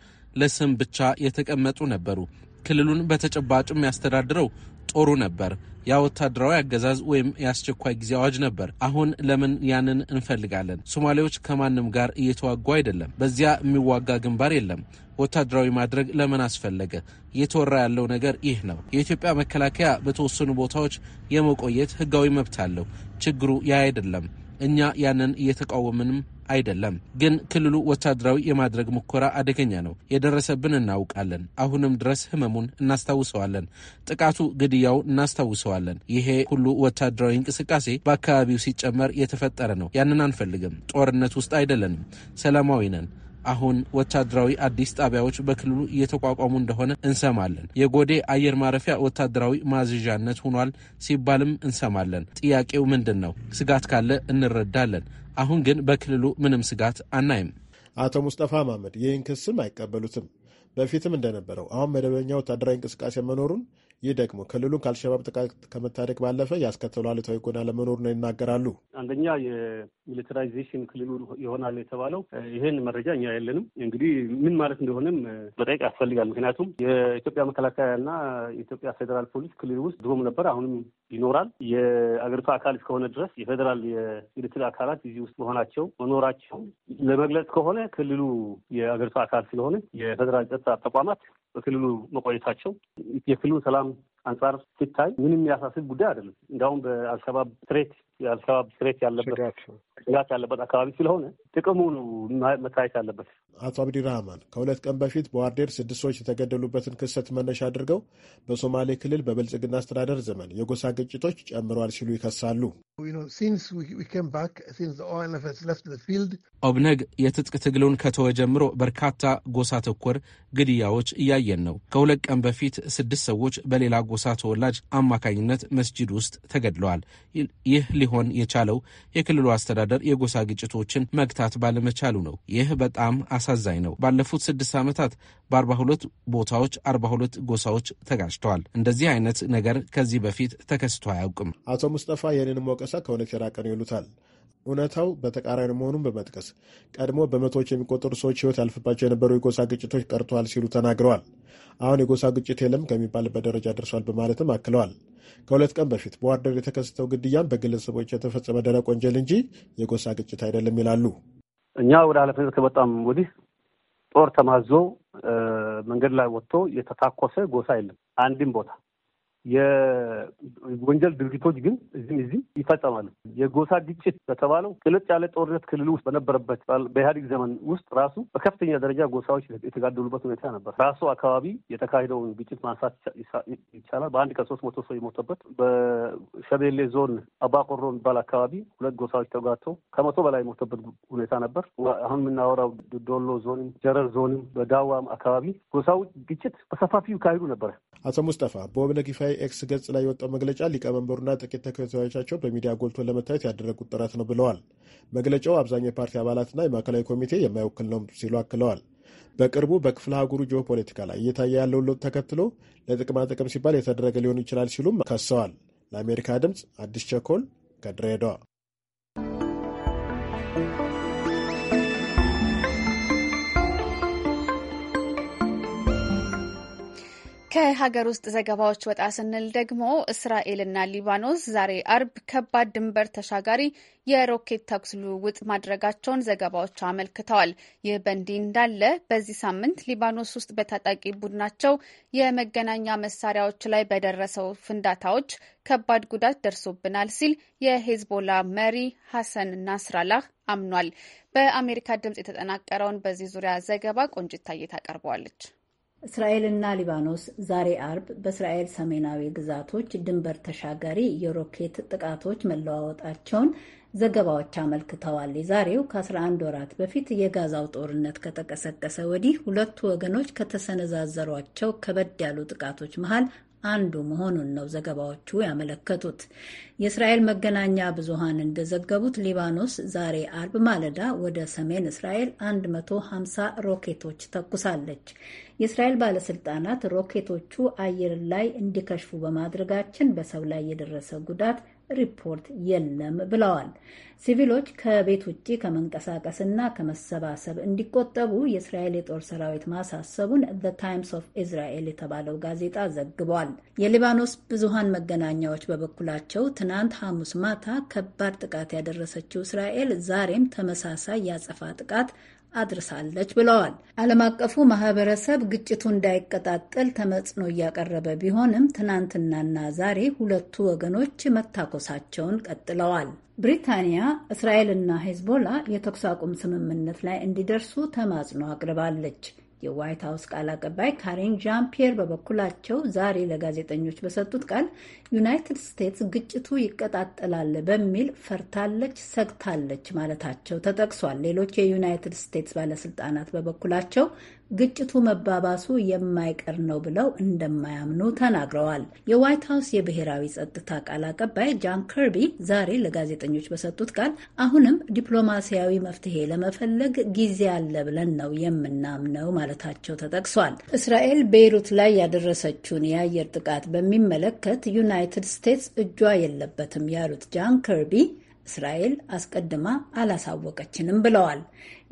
ለስም ብቻ የተቀመጡ ነበሩ። ክልሉን በተጨባጭ የሚያስተዳድረው ጦሩ ነበር። ያ ወታደራዊ አገዛዝ ወይም የአስቸኳይ ጊዜ አዋጅ ነበር። አሁን ለምን ያንን እንፈልጋለን? ሶማሌዎች ከማንም ጋር እየተዋጉ አይደለም። በዚያ የሚዋጋ ግንባር የለም። ወታደራዊ ማድረግ ለምን አስፈለገ? እየተወራ ያለው ነገር ይህ ነው። የኢትዮጵያ መከላከያ በተወሰኑ ቦታዎች የመቆየት ህጋዊ መብት አለው። ችግሩ ያ አይደለም። እኛ ያንን እየተቃወምንም አይደለም። ግን ክልሉ ወታደራዊ የማድረግ ሙከራ አደገኛ ነው። የደረሰብን እናውቃለን። አሁንም ድረስ ህመሙን እናስታውሰዋለን። ጥቃቱ፣ ግድያው እናስታውሰዋለን። ይሄ ሁሉ ወታደራዊ እንቅስቃሴ በአካባቢው ሲጨመር የተፈጠረ ነው። ያንን አንፈልግም። ጦርነት ውስጥ አይደለንም። ሰላማዊ ነን። አሁን ወታደራዊ አዲስ ጣቢያዎች በክልሉ እየተቋቋሙ እንደሆነ እንሰማለን። የጎዴ አየር ማረፊያ ወታደራዊ ማዝዣነት ሆኗል ሲባልም እንሰማለን። ጥያቄው ምንድን ነው? ስጋት ካለ እንረዳለን። አሁን ግን በክልሉ ምንም ስጋት አናይም። አቶ ሙስጠፋ ማመድ ይህን ክስም አይቀበሉትም። በፊትም እንደነበረው አሁን መደበኛ ወታደራዊ እንቅስቃሴ መኖሩን ይህ ደግሞ ክልሉን ከአልሸባብ ጥቃት ከመታደግ ባለፈ ያስከተሉ አሉታዊ ጎና ነው ይናገራሉ። አንደኛ የሚሊታራይዜሽን ክልሉ ይሆናል የተባለው ይህን መረጃ እኛ የለንም። እንግዲህ ምን ማለት እንደሆነም መጠየቅ ያስፈልጋል። ምክንያቱም የኢትዮጵያ መከላከያና የኢትዮጵያ ፌዴራል ፖሊስ ክልል ውስጥ ድሮም ነበር፣ አሁንም ይኖራል። የአገሪቱ አካል እስከሆነ ድረስ የፌዴራል የምልክል አካላት እዚህ ውስጥ መሆናቸው መኖራቸው ለመግለጽ ከሆነ ክልሉ የአገሪቱ አካል ስለሆነ የፌዴራል ጸጥታ ተቋማት በክልሉ መቆየታቸው የክልሉ ሰላም ሰላም አንጻር ሲታይ ምንም የሚያሳስብ ጉዳይ አይደለም። እንዲሁም በአልሸባብ ትሬት የአልሸባብ ስሬት ያለበት ስጋት ያለበት አካባቢ ስለሆነ ጥቅሙ ነው መታየት ያለበት። አቶ አብዲ ራህማን ከሁለት ቀን በፊት በዋርዴር ስድስት ሰዎች የተገደሉበትን ክስተት መነሻ አድርገው በሶማሌ ክልል በብልጽግና አስተዳደር ዘመን የጎሳ ግጭቶች ጨምረዋል ሲሉ ይከሳሉ። ኦብነግ የትጥቅ ትግሉን ከተወ ጀምሮ በርካታ ጎሳ ተኮር ግድያዎች እያየን ነው። ከሁለት ቀን በፊት ስድስት ሰዎች በሌላ ጎሳ ተወላጅ አማካኝነት መስጂድ ውስጥ ተገድለዋል። ይህ ሊሆን የቻለው የክልሉ አስተዳደር የጎሳ ግጭቶችን መግታት ባለመቻሉ ነው። ይህ በጣም አሳዛኝ ነው። ባለፉት ስድስት ዓመታት በአርባ ሁለት ቦታዎች ሁለት ጎሳዎች ተጋጭተዋል። እንደዚህ አይነት ነገር ከዚህ በፊት ተከስቶ አያውቅም። አቶ ሙስጠፋ ይህንንም ወቀሳ ከእውነት የራቀ ነው ይሉታል። እውነታው በተቃራኒ መሆኑን በመጥቀስ ቀድሞ በመቶዎች የሚቆጠሩ ሰዎች ሕይወት ያልፍባቸው የነበሩ የጎሳ ግጭቶች ቀርተዋል ሲሉ ተናግረዋል። አሁን የጎሳ ግጭት የለም ከሚባልበት ደረጃ ደርሷል በማለትም አክለዋል። ከሁለት ቀን በፊት በዋርደር የተከሰተው ግድያም በግለሰቦች የተፈጸመ ደረቅ ወንጀል እንጂ የጎሳ ግጭት አይደለም ይላሉ። እኛ ወደ ኃላፊነት ከመጣም ወዲህ ጦር ተማዞ መንገድ ላይ ወጥቶ የተታኮሰ ጎሳ የለም አንድም ቦታ የወንጀል ድርጊቶች ግን እዚህም እዚህ ይፈጸማሉ። የጎሳ ግጭት በተባለው ቅልጥ ያለ ጦርነት ክልል ውስጥ በነበረበት በኢህአዴግ ዘመን ውስጥ ራሱ በከፍተኛ ደረጃ ጎሳዎች የተጋደሉበት ሁኔታ ነበር። ራሱ አካባቢ የተካሄደውን ግጭት ማንሳት ይቻላል። በአንድ ከሶስት መቶ ሰው የሞተበት በሸቤሌ ዞን አባቆሮ የሚባል አካባቢ ሁለት ጎሳዎች ተጋድተው ከመቶ በላይ የሞተበት ሁኔታ ነበር። አሁን የምናወራው ዶሎ ዞንም ጀረር ዞንም በዳዋም አካባቢ ጎሳው ግጭት በሰፋፊው ካሄዱ ነበረ። አቶ ሙስጠፋ በወብነ ኤክስ ገጽ ላይ የወጣው መግለጫ ሊቀመንበሩና ጥቂት ተከታዮቻቸው በሚዲያ ጎልቶ ለመታየት ያደረጉት ጥረት ነው ብለዋል። መግለጫው አብዛኛው የፓርቲ አባላትና የማዕከላዊ ኮሚቴ የማይወክል ነው ሲሉ አክለዋል። በቅርቡ በክፍለ ሀገሩ ጂኦ ፖለቲካ ላይ እየታየ ያለውን ለውጥ ተከትሎ ለጥቅማ ጥቅም ሲባል የተደረገ ሊሆን ይችላል ሲሉም ከሰዋል። ለአሜሪካ ድምፅ አዲስ ቸኮል ከድሬዳዋ ከሀገር ውስጥ ዘገባዎች ወጣ ስንል ደግሞ እስራኤልና ሊባኖስ ዛሬ አርብ ከባድ ድንበር ተሻጋሪ የሮኬት ተኩስ ልውውጥ ማድረጋቸውን ዘገባዎቹ አመልክተዋል። ይህ በእንዲህ እንዳለ በዚህ ሳምንት ሊባኖስ ውስጥ በታጣቂ ቡድናቸው የመገናኛ መሳሪያዎች ላይ በደረሰው ፍንዳታዎች ከባድ ጉዳት ደርሶብናል ሲል የሄዝቦላ መሪ ሐሰን ናስራላህ አምኗል። በአሜሪካ ድምጽ የተጠናቀረውን በዚህ ዙሪያ ዘገባ ቆንጅታዬ ታቀርበዋለች። እስራኤልና ሊባኖስ ዛሬ አርብ በእስራኤል ሰሜናዊ ግዛቶች ድንበር ተሻጋሪ የሮኬት ጥቃቶች መለዋወጣቸውን ዘገባዎች አመልክተዋል። የዛሬው ከ11 ወራት በፊት የጋዛው ጦርነት ከተቀሰቀሰ ወዲህ ሁለቱ ወገኖች ከተሰነዛዘሯቸው ከበድ ያሉ ጥቃቶች መሃል አንዱ መሆኑን ነው ዘገባዎቹ ያመለከቱት። የእስራኤል መገናኛ ብዙሃን እንደዘገቡት ሊባኖስ ዛሬ አርብ ማለዳ ወደ ሰሜን እስራኤል 150 ሮኬቶች ተኩሳለች። የእስራኤል ባለስልጣናት ሮኬቶቹ አየር ላይ እንዲከሽፉ በማድረጋችን በሰው ላይ የደረሰ ጉዳት ሪፖርት የለም ብለዋል። ሲቪሎች ከቤት ውጭ ከመንቀሳቀስና ከመሰባሰብ እንዲቆጠቡ የእስራኤል የጦር ሰራዊት ማሳሰቡን ዘ ታይምስ ኦፍ እስራኤል የተባለው ጋዜጣ ዘግቧል። የሊባኖስ ብዙሃን መገናኛዎች በበኩላቸው ትናንት ሐሙስ ማታ ከባድ ጥቃት ያደረሰችው እስራኤል ዛሬም ተመሳሳይ ያጸፋ ጥቃት አድርሳለች ብለዋል። ዓለም አቀፉ ማህበረሰብ ግጭቱ እንዳይቀጣጠል ተመጽኖ እያቀረበ ቢሆንም ትናንትናና ዛሬ ሁለቱ ወገኖች መታኮሳቸውን ቀጥለዋል። ብሪታንያ እስራኤልና ሄዝቦላ የተኩስ አቁም ስምምነት ላይ እንዲደርሱ ተማጽኖ አቅርባለች። የዋይት ሀውስ ቃል አቀባይ ካሪን ዣን ፒየር በበኩላቸው ዛሬ ለጋዜጠኞች በሰጡት ቃል ዩናይትድ ስቴትስ ግጭቱ ይቀጣጠላል በሚል ፈርታለች፣ ሰግታለች ማለታቸው ተጠቅሷል። ሌሎች የዩናይትድ ስቴትስ ባለስልጣናት በበኩላቸው ግጭቱ መባባሱ የማይቀር ነው ብለው እንደማያምኑ ተናግረዋል። የዋይት ሀውስ የብሔራዊ ጸጥታ ቃል አቀባይ ጃን ከርቢ ዛሬ ለጋዜጠኞች በሰጡት ቃል አሁንም ዲፕሎማሲያዊ መፍትሄ ለመፈለግ ጊዜ አለ ብለን ነው የምናምነው ማለታቸው ተጠቅሷል። እስራኤል ቤይሩት ላይ ያደረሰችውን የአየር ጥቃት በሚመለከት ዩናይትድ ስቴትስ እጇ የለበትም ያሉት ጃን ከርቢ እስራኤል አስቀድማ አላሳወቀችንም ብለዋል።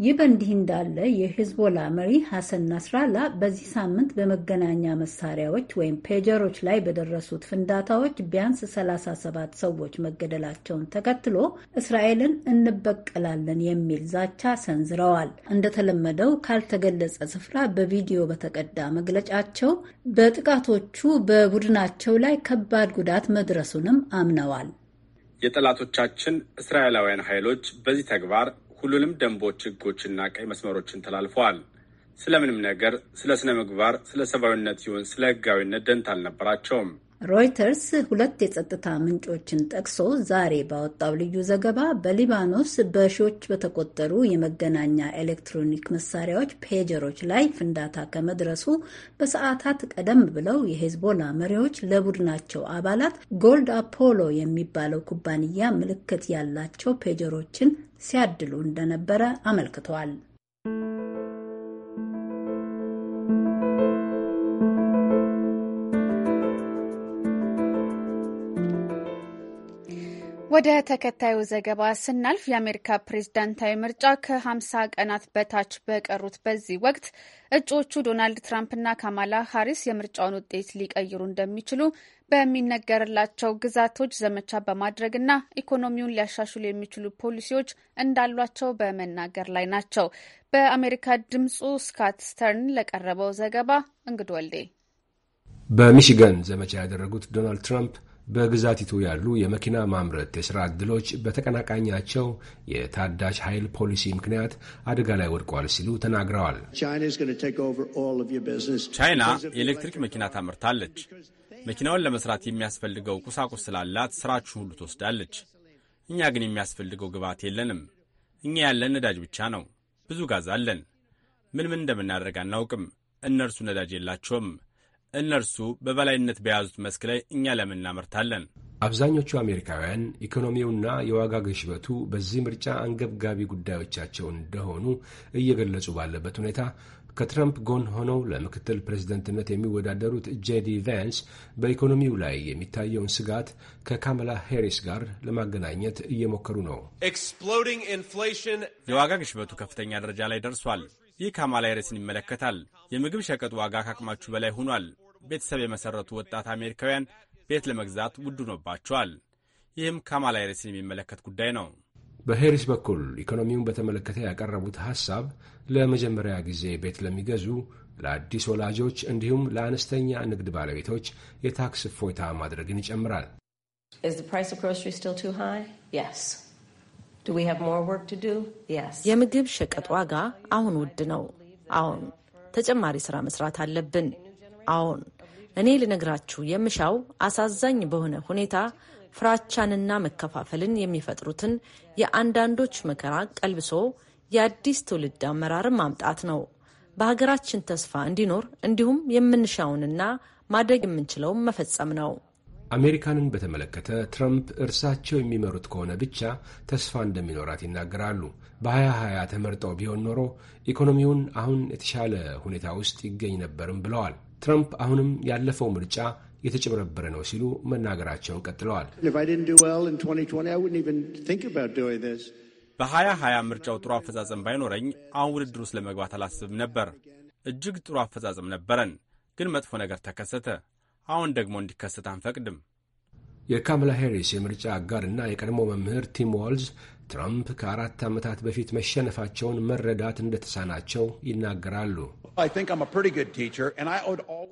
ይህ በእንዲህ እንዳለ የሂዝቦላ መሪ ሐሰን ናስራላ በዚህ ሳምንት በመገናኛ መሳሪያዎች ወይም ፔጀሮች ላይ በደረሱት ፍንዳታዎች ቢያንስ 37 ሰዎች መገደላቸውን ተከትሎ እስራኤልን እንበቀላለን የሚል ዛቻ ሰንዝረዋል። እንደተለመደው ካልተገለጸ ስፍራ በቪዲዮ በተቀዳ መግለጫቸው በጥቃቶቹ በቡድናቸው ላይ ከባድ ጉዳት መድረሱንም አምነዋል። የጠላቶቻችን እስራኤላውያን ኃይሎች በዚህ ተግባር ሁሉንም ደንቦች፣ ህጎችና ቀይ መስመሮችን ተላልፈዋል። ስለምንም ነገር ስለ ስነ ምግባር፣ ስለ ሰብአዊነት ይሁን ስለ ህጋዊነት ደንታ አልነበራቸውም። ሮይተርስ ሁለት የጸጥታ ምንጮችን ጠቅሶ ዛሬ ባወጣው ልዩ ዘገባ በሊባኖስ በሺዎች በተቆጠሩ የመገናኛ ኤሌክትሮኒክ መሳሪያዎች ፔጀሮች ላይ ፍንዳታ ከመድረሱ በሰዓታት ቀደም ብለው የሄዝቦላ መሪዎች ለቡድናቸው አባላት ጎልድ አፖሎ የሚባለው ኩባንያ ምልክት ያላቸው ፔጀሮችን ሲያድሉ እንደነበረ አመልክቷል። ወደ ተከታዩ ዘገባ ስናልፍ የአሜሪካ ፕሬዝዳንታዊ ምርጫ ከ50 ቀናት በታች በቀሩት በዚህ ወቅት እጩዎቹ ዶናልድ ትራምፕና ካማላ ሀሪስ የምርጫውን ውጤት ሊቀይሩ እንደሚችሉ በሚነገርላቸው ግዛቶች ዘመቻ በማድረግና ኢኮኖሚውን ሊያሻሽሉ የሚችሉ ፖሊሲዎች እንዳሏቸው በመናገር ላይ ናቸው። በአሜሪካ ድምፁ ስካት ስተርን ለቀረበው ዘገባ እንግድ ወልዴ። በሚሽጋን ዘመቻ ያደረጉት ዶናልድ ትራምፕ በግዛቲቱ ያሉ የመኪና ማምረት የሥራ ዕድሎች በተቀናቃኛቸው የታዳሽ ኃይል ፖሊሲ ምክንያት አደጋ ላይ ወድቋል ሲሉ ተናግረዋል። ቻይና የኤሌክትሪክ መኪና ታመርታለች። መኪናውን ለመስራት የሚያስፈልገው ቁሳቁስ ስላላት ስራችሁ ሁሉ ትወስዳለች። እኛ ግን የሚያስፈልገው ግብዓት የለንም። እኛ ያለን ነዳጅ ብቻ ነው። ብዙ ጋዝ አለን። ምን ምን እንደምናደርግ አናውቅም። እነርሱ ነዳጅ የላቸውም። እነርሱ በበላይነት በያዙት መስክ ላይ እኛ ለምን እናመርታለን? አብዛኞቹ አሜሪካውያን ኢኮኖሚውና የዋጋ ግሽበቱ በዚህ ምርጫ አንገብጋቢ ጉዳዮቻቸው እንደሆኑ እየገለጹ ባለበት ሁኔታ ከትረምፕ ጎን ሆነው ለምክትል ፕሬዝደንትነት የሚወዳደሩት ጄዲ ቫንስ በኢኮኖሚው ላይ የሚታየውን ስጋት ከካመላ ሄሪስ ጋር ለማገናኘት እየሞከሩ ነው። የዋጋ ግሽበቱ ከፍተኛ ደረጃ ላይ ደርሷል። ይህ ካማላ ሄሪስን ይመለከታል። የምግብ ሸቀጥ ዋጋ ከአቅማችሁ በላይ ሆኗል። ቤተሰብ የመሰረቱ ወጣት አሜሪካውያን ቤት ለመግዛት ውድ ሆኖባቸዋል። ይህም ካማላ የሚመለከት ጉዳይ ነው። በሄሪስ በኩል ኢኮኖሚውን በተመለከተ ያቀረቡት ሐሳብ ለመጀመሪያ ጊዜ ቤት ለሚገዙ ለአዲስ ወላጆች እንዲሁም ለአነስተኛ ንግድ ባለቤቶች የታክስ እፎይታ ማድረግን ይጨምራል። የምግብ ሸቀጥ ዋጋ አሁን ውድ ነው። አሁን ተጨማሪ ሥራ መሥራት አለብን። አዎን፣ እኔ ልነግራችሁ የምሻው አሳዛኝ በሆነ ሁኔታ ፍራቻንና መከፋፈልን የሚፈጥሩትን የአንዳንዶች መከራ ቀልብሶ የአዲስ ትውልድ አመራርን ማምጣት ነው። በሀገራችን ተስፋ እንዲኖር እንዲሁም የምንሻውንና ማድረግ የምንችለውን መፈጸም ነው። አሜሪካንን በተመለከተ ትረምፕ እርሳቸው የሚመሩት ከሆነ ብቻ ተስፋ እንደሚኖራት ይናገራሉ። በ2020 ተመርጠው ቢሆን ኖሮ ኢኮኖሚውን አሁን የተሻለ ሁኔታ ውስጥ ይገኝ ነበርም ብለዋል። ትራምፕ አሁንም ያለፈው ምርጫ የተጨበረበረ ነው ሲሉ መናገራቸውን ቀጥለዋል። በ2020 ምርጫው ጥሩ አፈጻጸም ባይኖረኝ አሁን ውድድር ውስጥ ለመግባት አላስብም ነበር። እጅግ ጥሩ አፈጻጸም ነበረን፣ ግን መጥፎ ነገር ተከሰተ። አሁን ደግሞ እንዲከሰት አንፈቅድም። የካምላ ሄሪስ የምርጫ አጋር እና የቀድሞ መምህር ቲም ዋልዝ ትራምፕ ከአራት ዓመታት በፊት መሸነፋቸውን መረዳት እንደተሳናቸው ይናገራሉ።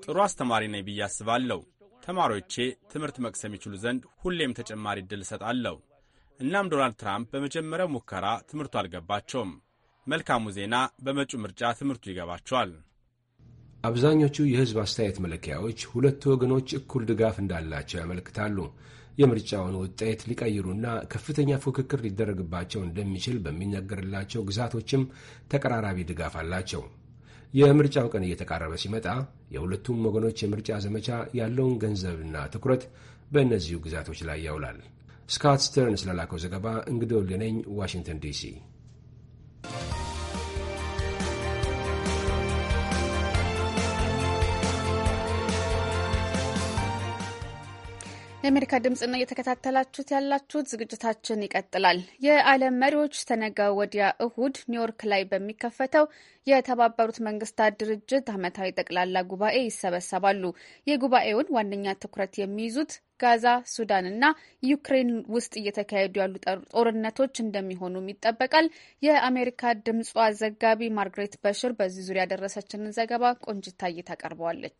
ጥሩ አስተማሪ ነኝ ብዬ አስባለሁ። ተማሪዎቼ ትምህርት መቅሰም ይችሉ ዘንድ ሁሌም ተጨማሪ እድል እሰጣለሁ። እናም ዶናልድ ትራምፕ በመጀመሪያው ሙከራ ትምህርቱ አልገባቸውም። መልካሙ ዜና በመጪው ምርጫ ትምህርቱ ይገባቸዋል። አብዛኞቹ የሕዝብ አስተያየት መለኪያዎች ሁለቱ ወገኖች እኩል ድጋፍ እንዳላቸው ያመለክታሉ። የምርጫውን ውጤት ሊቀይሩና ከፍተኛ ፉክክር ሊደረግባቸው እንደሚችል በሚነገርላቸው ግዛቶችም ተቀራራቢ ድጋፍ አላቸው። የምርጫው ቀን እየተቃረበ ሲመጣ የሁለቱም ወገኖች የምርጫ ዘመቻ ያለውን ገንዘብና ትኩረት በእነዚሁ ግዛቶች ላይ ያውላል። ስካት ስተርንስ ላላከው ዘገባ እንግዶ ወልነኝ ዋሽንግተን ዲሲ የአሜሪካ ድምጽ ነው እየተከታተላችሁት ያላችሁት። ዝግጅታችን ይቀጥላል። የዓለም መሪዎች ተነጋ ወዲያ እሁድ ኒውዮርክ ላይ በሚከፈተው የተባበሩት መንግስታት ድርጅት ዓመታዊ ጠቅላላ ጉባኤ ይሰበሰባሉ። የጉባኤውን ዋነኛ ትኩረት የሚይዙት ጋዛ፣ ሱዳን እና ዩክሬን ውስጥ እየተካሄዱ ያሉ ጦርነቶች እንደሚሆኑም ይጠበቃል። የአሜሪካ ድምጿ ዘጋቢ ማርግሬት በሽር በዚህ ዙሪያ ያደረሰችንን ዘገባ ቆንጅታ ታቀርበዋለች።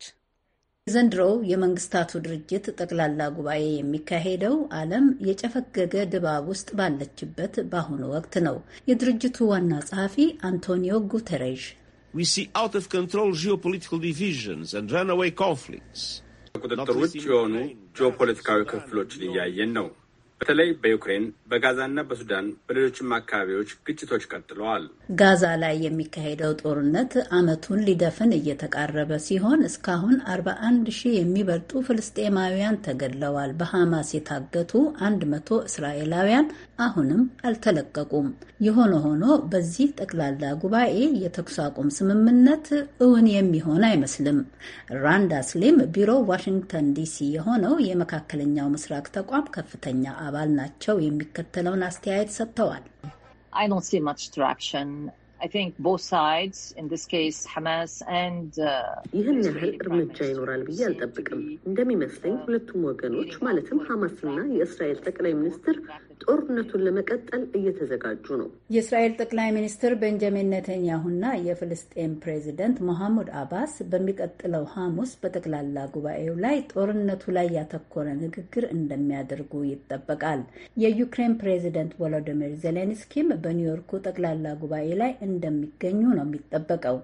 የዘንድሮው የመንግስታቱ ድርጅት ጠቅላላ ጉባኤ የሚካሄደው ዓለም የጨፈገገ ድባብ ውስጥ ባለችበት በአሁኑ ወቅት ነው። የድርጅቱ ዋና ጸሐፊ አንቶኒዮ ጉተሬዥ ቁጥጥር ውጭ የሆኑ ጂኦፖለቲካዊ ክፍሎችን እያየን ነው። በተለይ በዩክሬን በጋዛና በሱዳን በሌሎችም አካባቢዎች ግጭቶች ቀጥለዋል። ጋዛ ላይ የሚካሄደው ጦርነት ዓመቱን ሊደፍን እየተቃረበ ሲሆን እስካሁን 41 ሺህ የሚበልጡ ፍልስጤማውያን ተገድለዋል። በሐማስ የታገቱ 100 እስራኤላውያን አሁንም አልተለቀቁም። የሆነ ሆኖ በዚህ ጠቅላላ ጉባኤ የተኩስ አቁም ስምምነት እውን የሚሆን አይመስልም። ራንዳ ስሊም ቢሮ ዋሽንግተን ዲሲ የሆነው የመካከለኛው ምስራቅ ተቋም ከፍተኛ አባል ናቸው የሚከተለውን አስተያየት ሰጥተዋል። ይህን ያህል እርምጃ ይኖራል ብዬ አልጠብቅም። እንደሚመስለኝ ሁለቱም ወገኖች ማለትም ሐማስና የእስራኤል ጠቅላይ ሚኒስትር ጦርነቱን ለመቀጠል እየተዘጋጁ ነው። የእስራኤል ጠቅላይ ሚኒስትር ቤንጃሚን ኔተንያሁና የፍልስጤን ፕሬዚደንት መሐሙድ አባስ በሚቀጥለው ሐሙስ በጠቅላላ ጉባኤው ላይ ጦርነቱ ላይ ያተኮረ ንግግር እንደሚያደርጉ ይጠበቃል። የዩክሬን ፕሬዚደንት ቮሎዲሚር ዜሌንስኪም በኒውዮርኩ ጠቅላላ ጉባኤ ላይ እንደሚገኙ ነው የሚጠበቀው።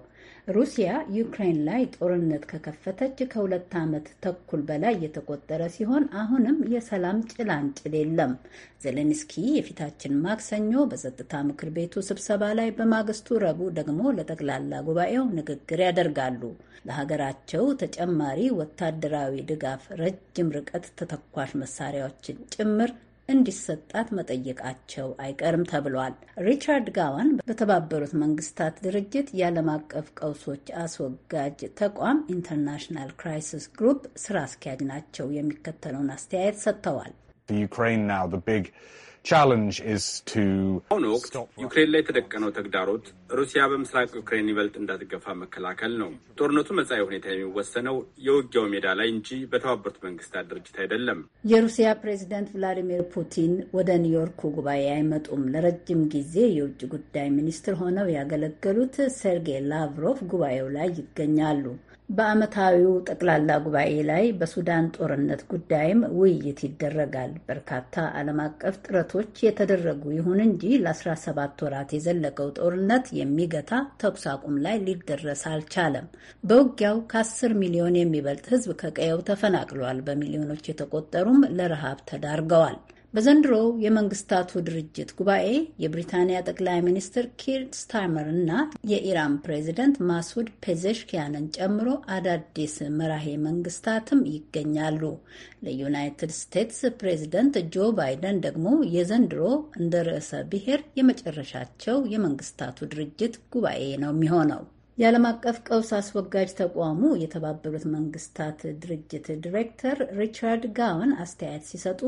ሩሲያ ዩክሬን ላይ ጦርነት ከከፈተች ከሁለት ዓመት ተኩል በላይ የተቆጠረ ሲሆን አሁንም የሰላም ጭላንጭል የለም። ዜሌንስኪ የፊታችን ማክሰኞ በጸጥታ ምክር ቤቱ ስብሰባ ላይ፣ በማግስቱ ረቡዕ ደግሞ ለጠቅላላ ጉባኤው ንግግር ያደርጋሉ። ለሀገራቸው ተጨማሪ ወታደራዊ ድጋፍ፣ ረጅም ርቀት ተተኳሽ መሳሪያዎችን ጭምር እንዲሰጣት መጠየቃቸው አይቀርም ተብሏል። ሪቻርድ ጋዋን በተባበሩት መንግስታት ድርጅት የዓለም አቀፍ ቀውሶች አስወጋጅ ተቋም ኢንተርናሽናል ክራይሲስ ግሩፕ ስራ አስኪያጅ ናቸው። የሚከተለውን አስተያየት ሰጥተዋል። በአሁኑ ወቅት ዩክሬን ላይ የተደቀነው ተግዳሮት ሩሲያ በምስራቅ ዩክሬን ይበልጥ እንዳትገፋ መከላከል ነው። ጦርነቱ መጻኢ ሁኔታ የሚወሰነው የውጊያው ሜዳ ላይ እንጂ በተባበሩት መንግስታት ድርጅት አይደለም። የሩሲያ ፕሬዚደንት ቭላዲሚር ፑቲን ወደ ኒውዮርኩ ጉባኤ አይመጡም። ለረጅም ጊዜ የውጭ ጉዳይ ሚኒስትር ሆነው ያገለገሉት ሴርጌይ ላቭሮቭ ጉባኤው ላይ ይገኛሉ። በዓመታዊው ጠቅላላ ጉባኤ ላይ በሱዳን ጦርነት ጉዳይም ውይይት ይደረጋል። በርካታ ዓለም አቀፍ ጥረቶች የተደረጉ ይሁን እንጂ ለ17 ወራት የዘለቀው ጦርነት የሚገታ ተኩስ አቁም ላይ ሊደረስ አልቻለም። በውጊያው ከ10 ሚሊዮን የሚበልጥ ሕዝብ ከቀየው ተፈናቅሏል። በሚሊዮኖች የተቆጠሩም ለረሃብ ተዳርገዋል። በዘንድሮ የመንግስታቱ ድርጅት ጉባኤ የብሪታንያ ጠቅላይ ሚኒስትር ኪር ስታርመር እና የኢራን ፕሬዚደንት ማሱድ ፔዘሽኪያንን ጨምሮ አዳዲስ መራሄ መንግስታትም ይገኛሉ። ለዩናይትድ ስቴትስ ፕሬዚደንት ጆ ባይደን ደግሞ የዘንድሮ እንደ ርዕሰ ብሔር የመጨረሻቸው የመንግስታቱ ድርጅት ጉባኤ ነው የሚሆነው። የዓለም አቀፍ ቀውስ አስወጋጅ ተቋሙ የተባበሩት መንግስታት ድርጅት ዲሬክተር ሪቻርድ ጋውን አስተያየት ሲሰጡ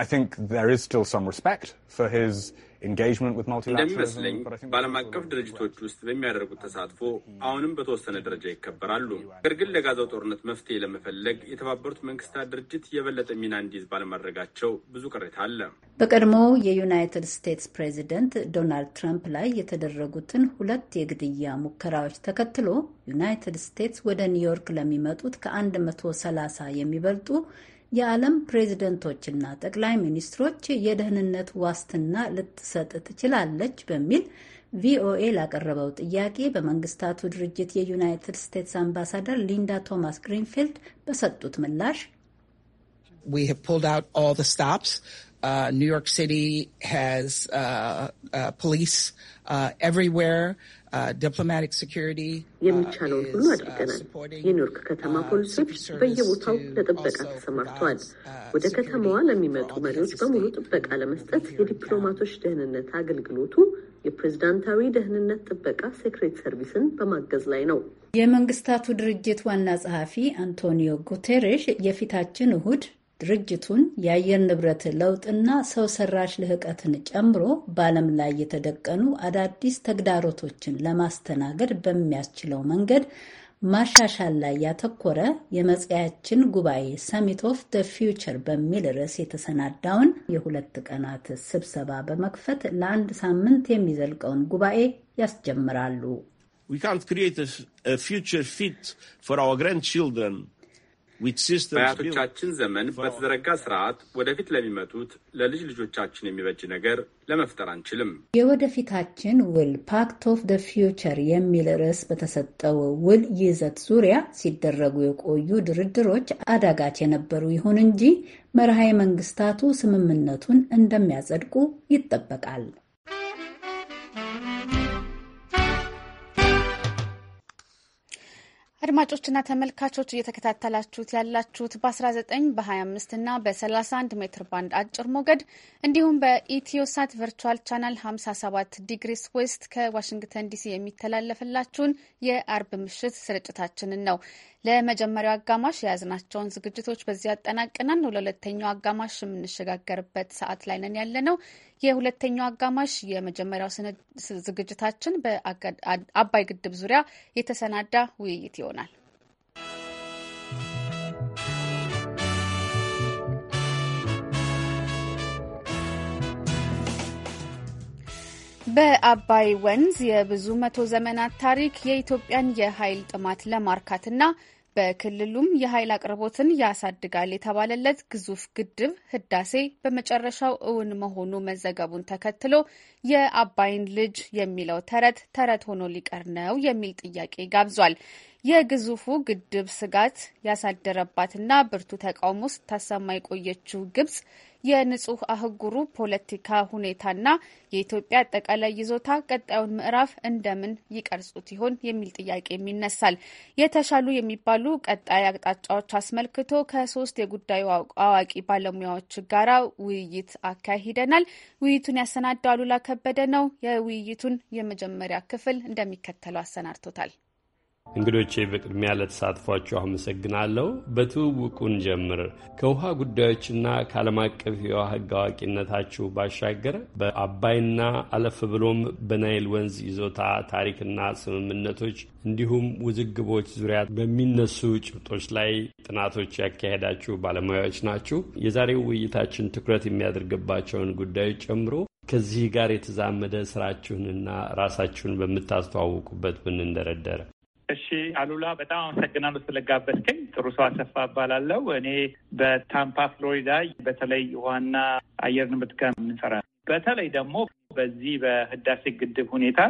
እንደሚመስለኝ በዓለም አቀፍ ድርጅቶች ውስጥ በሚያደርጉት ተሳትፎ አሁንም በተወሰነ ደረጃ ይከበራሉ። ነገር ግን ለጋዛው ጦርነት መፍትሄ ለመፈለግ የተባበሩት መንግስታት ድርጅት የበለጠ ሚና እንዲይዝ ባለማድረጋቸው ብዙ ቅሬታ አለ። በቀድሞው የዩናይትድ ስቴትስ ፕሬዚደንት ዶናልድ ትራምፕ ላይ የተደረጉትን ሁለት የግድያ ሙከራዎች ተከትሎ ዩናይትድ ስቴትስ ወደ ኒውዮርክ ለሚመጡት ከ130 የሚበልጡ የዓለም ፕሬዝደንቶችና ጠቅላይ ሚኒስትሮች የደህንነት ዋስትና ልትሰጥ ትችላለች በሚል ቪኦኤ ላቀረበው ጥያቄ በመንግስታቱ ድርጅት የዩናይትድ ስቴትስ አምባሳደር ሊንዳ ቶማስ ግሪንፊልድ በሰጡት ምላሽ ኒውዮርክ ሲቲ ፖሊስ ኤቭሪዌር Uh, uh, የሚቻለውን ሁሉ uh, አድርገናል። የኒውዮርክ ከተማ ፖሊሶች በየቦታው ለጥበቃ ተሰማርተዋል። ወደ ከተማዋ ለሚመጡ መሪዎች በሙሉ ጥበቃ ለመስጠት የዲፕሎማቶች ደህንነት አገልግሎቱ የፕሬዝዳንታዊ ደህንነት ጥበቃ ሴክሬት ሰርቪስን በማገዝ ላይ ነው። የመንግስታቱ ድርጅት ዋና ጸሐፊ አንቶኒዮ ጉቴሬሽ የፊታችን እሁድ ድርጅቱን የአየር ንብረት ለውጥና ሰው ሰራሽ ልህቀትን ጨምሮ በዓለም ላይ የተደቀኑ አዳዲስ ተግዳሮቶችን ለማስተናገድ በሚያስችለው መንገድ ማሻሻል ላይ ያተኮረ የመጽያችን ጉባኤ ሰሚት ኦፍ ደ ፊውቸር በሚል ርዕስ የተሰናዳውን የሁለት ቀናት ስብሰባ በመክፈት ለአንድ ሳምንት የሚዘልቀውን ጉባኤ ያስጀምራሉ። በአያቶቻችን ዘመን በተዘረጋ ስርዓት ወደፊት ለሚመጡት ለልጅ ልጆቻችን የሚበጅ ነገር ለመፍጠር አንችልም። የወደፊታችን ውል ፓክት ኦፍ ደ ፊውቸር የሚል ርዕስ በተሰጠው ውል ይዘት ዙሪያ ሲደረጉ የቆዩ ድርድሮች አዳጋች የነበሩ ይሁን እንጂ መርሃ መንግስታቱ ስምምነቱን እንደሚያጸድቁ ይጠበቃል። አድማጮችና ተመልካቾች እየተከታተላችሁት ያላችሁት በ19 በ25 እና በ31 ሜትር ባንድ አጭር ሞገድ እንዲሁም በኢትዮሳት ቨርቹዋል ቻናል 57 ዲግሪስ ዌስት ከዋሽንግተን ዲሲ የሚተላለፍላችሁን የአርብ ምሽት ስርጭታችንን ነው። ለመጀመሪያው አጋማሽ የያዝናቸውን ዝግጅቶች በዚህ ያጠናቅናን። ለሁለተኛው አጋማሽ የምንሸጋገርበት ሰዓት ላይ ነን ነው። የሁለተኛው አጋማሽ የመጀመሪያው ዝግጅታችን በአባይ ግድብ ዙሪያ የተሰናዳ ውይይት ይሆናል። በአባይ ወንዝ የብዙ መቶ ዘመናት ታሪክ የኢትዮጵያን የኃይል ጥማት ለማርካትና በክልሉም የኃይል አቅርቦትን ያሳድጋል የተባለለት ግዙፍ ግድብ ህዳሴ በመጨረሻው እውን መሆኑ መዘገቡን ተከትሎ የአባይን ልጅ የሚለው ተረት ተረት ሆኖ ሊቀር ነው የሚል ጥያቄ ጋብዟል። የግዙፉ ግድብ ስጋት ያሳደረባትና ብርቱ ተቃውሞ ስታሰማ የቆየችው ግብጽ የንጹህ አህጉሩ ፖለቲካ ሁኔታና የኢትዮጵያ አጠቃላይ ይዞታ ቀጣዩን ምዕራፍ እንደምን ይቀርጹት ይሆን የሚል ጥያቄም ይነሳል። የተሻሉ የሚባሉ ቀጣይ አቅጣጫዎች አስመልክቶ ከሶስት የጉዳዩ አዋቂ ባለሙያዎች ጋራ ውይይት አካሂደናል። ውይይቱን ያሰናዳው አሉላ ከበደ ነው። የውይይቱን የመጀመሪያ ክፍል እንደሚከተለው አሰናድቶታል። እንግዶቼ በቅድሚያ ለተሳትፏቸው አመሰግናለሁ። በትውውቁን ጀምር ከውሃ ጉዳዮችና ከዓለም አቀፍ የውሃ ሕግ አዋቂነታችሁ ባሻገር በአባይና አለፍ ብሎም በናይል ወንዝ ይዞታ ታሪክና ስምምነቶች እንዲሁም ውዝግቦች ዙሪያ በሚነሱ ጭብጦች ላይ ጥናቶች ያካሄዳችሁ ባለሙያዎች ናችሁ። የዛሬው ውይይታችን ትኩረት የሚያደርግባቸውን ጉዳዮች ጨምሮ ከዚህ ጋር የተዛመደ ስራችሁንና ራሳችሁን በምታስተዋውቁበት ብንንደረደር እሺ አሉላ በጣም አመሰግናለሁ ስለጋበዝከኝ። ጥሩ ሰው አሰፋ እባላለሁ። እኔ በታምፓ ፍሎሪዳ በተለይ ውሃና አየር ንብረት ጋር የምንሰራ በተለይ ደግሞ በዚህ በህዳሴ ግድብ ሁኔታ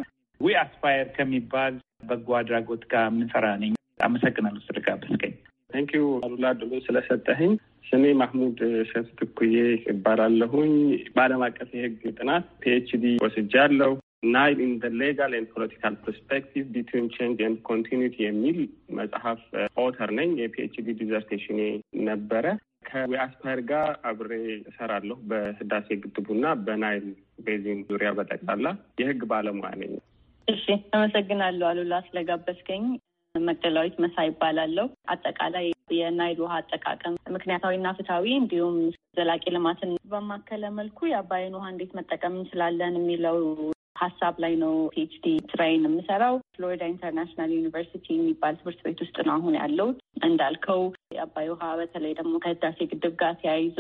ዊ አስፓየር ከሚባል በጎ አድራጎት ጋር የምንሰራ ነኝ። አመሰግናለሁ ስለጋበዝከኝ። ታንኪዩ አሉላ ድሎ ስለሰጠህኝ። ስሜ ማህሙድ ሸፍትኩዬ ይባላለሁኝ። በዓለም አቀፍ የህግ ጥናት ፒኤችዲ ወስጃለሁ። ናይል ኢን ዘ ሌጋል ኤንድ ፖለቲካል ፐርስፔክቲቭ ቢትዊን ቼንጅ ኤንድ ኮንቲኒቲ የሚል መጽሐፍ ኦተር uh, ነኝ። የፒኤችዲ ዲዘርቴሽን ነበረ። ከዊአስፓር ጋር አብሬ እሰራለሁ። በህዳሴ ግድቡና በናይል ቤዚን ዙሪያ በጠቅላላ የህግ ባለሙያ ነኝ። እሺ፣ አመሰግናለሁ አሉላ ስለጋበዝከኝ። መቅደላዊት መሳይ ይባላለሁ። አጠቃላይ የናይል ውሃ አጠቃቀም ምክንያታዊና ፍትሐዊ እንዲሁም ዘላቂ ልማትን በማከለ መልኩ የአባይን ውሃ እንዴት መጠቀም እንችላለን የሚለው ሀሳብ ላይ ነው ፒኤችዲ ስራዬን የምሰራው። ፍሎሪዳ ኢንተርናሽናል ዩኒቨርሲቲ የሚባል ትምህርት ቤት ውስጥ ነው አሁን ያለው። እንዳልከው የአባይ ውሃ በተለይ ደግሞ ከህዳሴ ግድብ ጋር ተያይዞ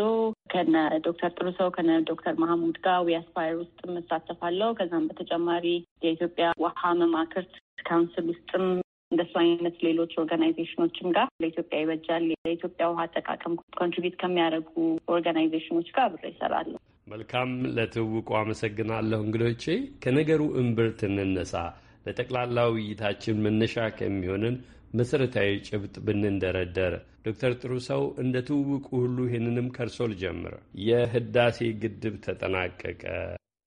ከነ ዶክተር ጥሩሰው ከነ ዶክተር መሀሙድ ጋር ዊያስፓየር ውስጥ የምሳተፋለው። ከዛም በተጨማሪ የኢትዮጵያ ውሃ መማክርት ካውንስል ውስጥም እንደሱ አይነት ሌሎች ኦርጋናይዜሽኖችም ጋር ለኢትዮጵያ ይበጃል ለኢትዮጵያ ውሃ አጠቃቀም ኮንትሪቢዩት ከሚያደርጉ ኦርጋናይዜሽኖች ጋር አብሬ ይሰራለሁ። መልካም ለትውውቁ አመሰግናለሁ። እንግዶቼ ከነገሩ እምብርት እንነሳ። ለጠቅላላ ውይይታችን መነሻ ከሚሆንን መሠረታዊ ጭብጥ ብንንደረደር ዶክተር ጥሩ ሰው እንደ ትውውቁ ሁሉ ይህንንም ከርሶ ልጀምር። የህዳሴ ግድብ ተጠናቀቀ።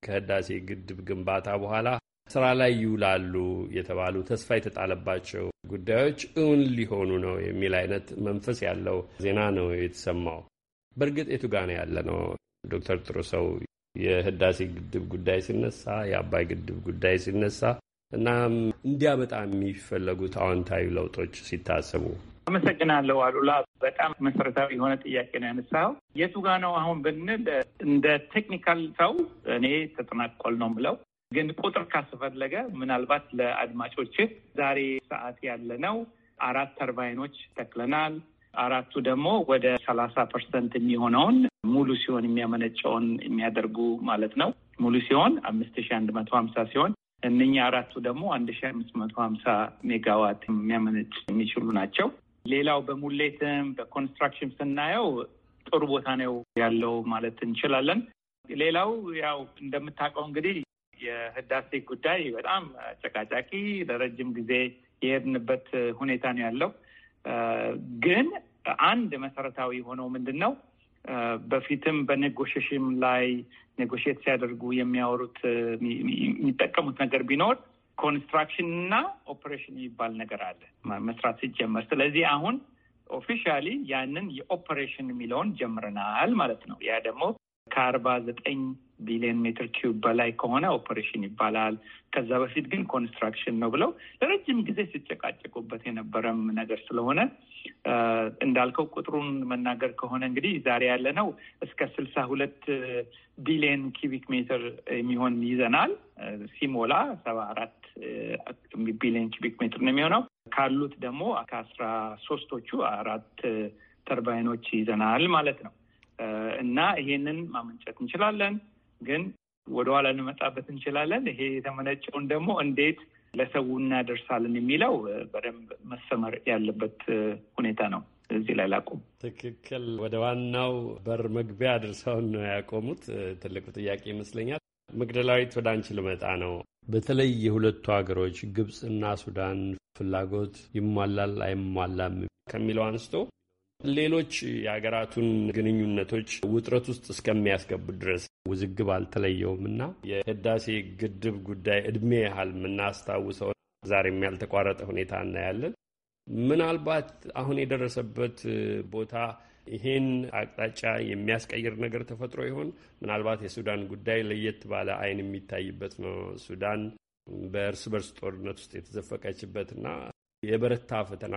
ከህዳሴ ግድብ ግንባታ በኋላ ስራ ላይ ይውላሉ የተባሉ ተስፋ የተጣለባቸው ጉዳዮች እውን ሊሆኑ ነው የሚል አይነት መንፈስ ያለው ዜና ነው የተሰማው። በእርግጥ የቱ ጋ ነው ያለ ነው? ዶክተር ጥሩሰው የህዳሴ ግድብ ጉዳይ ሲነሳ፣ የአባይ ግድብ ጉዳይ ሲነሳ እናም እንዲያመጣ የሚፈለጉት አዎንታዊ ለውጦች ሲታሰቡ አመሰግናለሁ አሉላ። በጣም መሰረታዊ የሆነ ጥያቄ ነው ያነሳው። የቱ ጋ ነው አሁን ብንል እንደ ቴክኒካል ሰው እኔ ተጠናቆል ነው ምለው፣ ግን ቁጥር ካስፈለገ ምናልባት ለአድማጮች ዛሬ ሰዓት ያለ ነው አራት ተርባይኖች ተክለናል። አራቱ ደግሞ ወደ ሰላሳ ፐርሰንት የሚሆነውን ሙሉ ሲሆን የሚያመነጨውን የሚያደርጉ ማለት ነው። ሙሉ ሲሆን አምስት ሺ አንድ መቶ ሀምሳ ሲሆን እነኛ አራቱ ደግሞ አንድ ሺ አምስት መቶ ሀምሳ ሜጋዋት የሚያመነጭ የሚችሉ ናቸው። ሌላው በሙሌትም በኮንስትራክሽን ስናየው ጥሩ ቦታ ነው ያለው ማለት እንችላለን። ሌላው ያው እንደምታውቀው እንግዲህ የህዳሴ ጉዳይ በጣም አጨቃጫቂ ለረጅም ጊዜ የሄድንበት ሁኔታ ነው ያለው። ግን አንድ መሰረታዊ የሆነው ምንድን ነው በፊትም በኔጎሽሽም ላይ ኔጎሽት ሲያደርጉ የሚያወሩት የሚጠቀሙት ነገር ቢኖር ኮንስትራክሽን እና ኦፕሬሽን የሚባል ነገር አለ መስራት ሲጀመር። ስለዚህ አሁን ኦፊሻሊ ያንን የኦፕሬሽን የሚለውን ጀምረናል ማለት ነው። ያ ደግሞ ከአርባ ዘጠኝ ቢሊዮን ሜትር ኪዩብ በላይ ከሆነ ኦፐሬሽን ይባላል። ከዛ በፊት ግን ኮንስትራክሽን ነው ብለው ለረጅም ጊዜ ሲጨቃጨቁበት የነበረም ነገር ስለሆነ እንዳልከው ቁጥሩን መናገር ከሆነ እንግዲህ ዛሬ ያለ ነው እስከ ስልሳ ሁለት ቢሊዮን ኪቢክ ሜትር የሚሆን ይዘናል። ሲሞላ ሰባ አራት ቢሊዮን ኪቢክ ሜትር ነው የሚሆነው። ካሉት ደግሞ ከአስራ ሶስቶቹ አራት ተርባይኖች ይዘናል ማለት ነው እና ይሄንን ማመንጨት እንችላለን። ግን ወደኋላ እንመጣበት እንችላለን። ይሄ የተመነጨውን ደግሞ እንዴት ለሰው እናደርሳለን የሚለው በደንብ መሰመር ያለበት ሁኔታ ነው። እዚህ ላይ ላቁም። ትክክል። ወደ ዋናው በር መግቢያ አድርሰውን ነው ያቆሙት። ትልቁ ጥያቄ ይመስለኛል። መግደላዊት ወደ አንቺ ልመጣ ነው። በተለይ የሁለቱ ሀገሮች ግብፅና ሱዳን ፍላጎት ይሟላል አይሟላም ከሚለው አንስቶ ሌሎች የሀገራቱን ግንኙነቶች ውጥረት ውስጥ እስከሚያስገቡ ድረስ ውዝግብ አልተለየውም እና የህዳሴ ግድብ ጉዳይ እድሜ ያህል የምናስታውሰው ዛሬም ያልተቋረጠ ሁኔታ እናያለን። ምናልባት አሁን የደረሰበት ቦታ ይሄን አቅጣጫ የሚያስቀይር ነገር ተፈጥሮ ይሆን? ምናልባት የሱዳን ጉዳይ ለየት ባለ አይን የሚታይበት ነው። ሱዳን በእርስ በርስ ጦርነት ውስጥ የተዘፈቀችበትና የበረታ ፈተና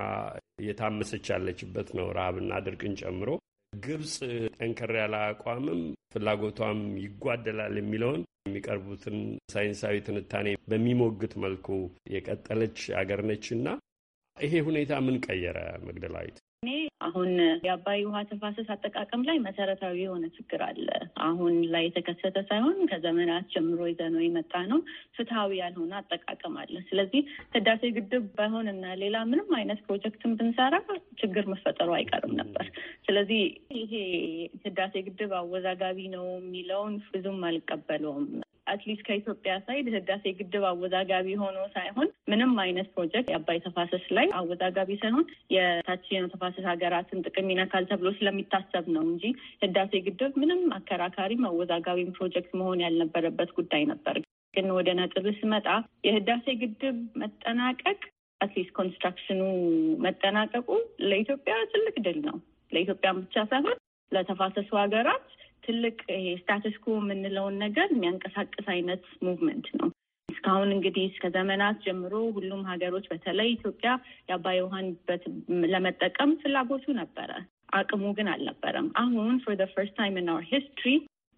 እየታመሰች ያለችበት ነው፣ ረሃብና ድርቅን ጨምሮ። ግብጽ ጠንከር ያለ አቋምም ፍላጎቷም ይጓደላል የሚለውን የሚቀርቡትን ሳይንሳዊ ትንታኔ በሚሞግት መልኩ የቀጠለች አገር ነች እና ይሄ ሁኔታ ምን ቀየረ መግደላዊት? አሁን የአባይ ውሃ ተፋሰስ አጠቃቀም ላይ መሰረታዊ የሆነ ችግር አለ። አሁን ላይ የተከሰተ ሳይሆን ከዘመናት ጀምሮ ይዘነው የመጣ ነው። ፍትሐዊ ያልሆነ አጠቃቀም አለ። ስለዚህ ህዳሴ ግድብ ባይሆን እና ሌላ ምንም አይነት ፕሮጀክትን ብንሰራ ችግር መፈጠሩ አይቀርም ነበር። ስለዚህ ይሄ ህዳሴ ግድብ አወዛጋቢ ነው የሚለውን ብዙም አልቀበለውም። አትሊስት ከኢትዮጵያ ሳይድ ህዳሴ ግድብ አወዛጋቢ ሆኖ ሳይሆን ምንም አይነት ፕሮጀክት የአባይ ተፋሰስ ላይ አወዛጋቢ ሳይሆን የታችኛው ተፋሰስ ሀገራትን ጥቅም ይነካል ተብሎ ስለሚታሰብ ነው እንጂ ህዳሴ ግድብ ምንም አከራካሪም አወዛጋቢም ፕሮጀክት መሆን ያልነበረበት ጉዳይ ነበር። ግን ወደ ነጥብ ስመጣ የህዳሴ ግድብ መጠናቀቅ አትሊስት ኮንስትራክሽኑ መጠናቀቁ ለኢትዮጵያ ትልቅ ድል ነው። ለኢትዮጵያ ብቻ ሳይሆን ለተፋሰሱ ሀገራት ትልቅ ኩ የምንለውን ነገር የሚያንቀሳቅስ አይነት ሙቭመንት ነው። እስካሁን እንግዲህ እስከ ዘመናት ጀምሮ ሁሉም ሀገሮች በተለይ ኢትዮጵያ የአባይ ውሃን ለመጠቀም ፍላጎቱ ነበረ፣ አቅሙ ግን አልነበረም። አሁን ፎር ዘ ፈርስት ታይም ኢን አወር ሂስትሪ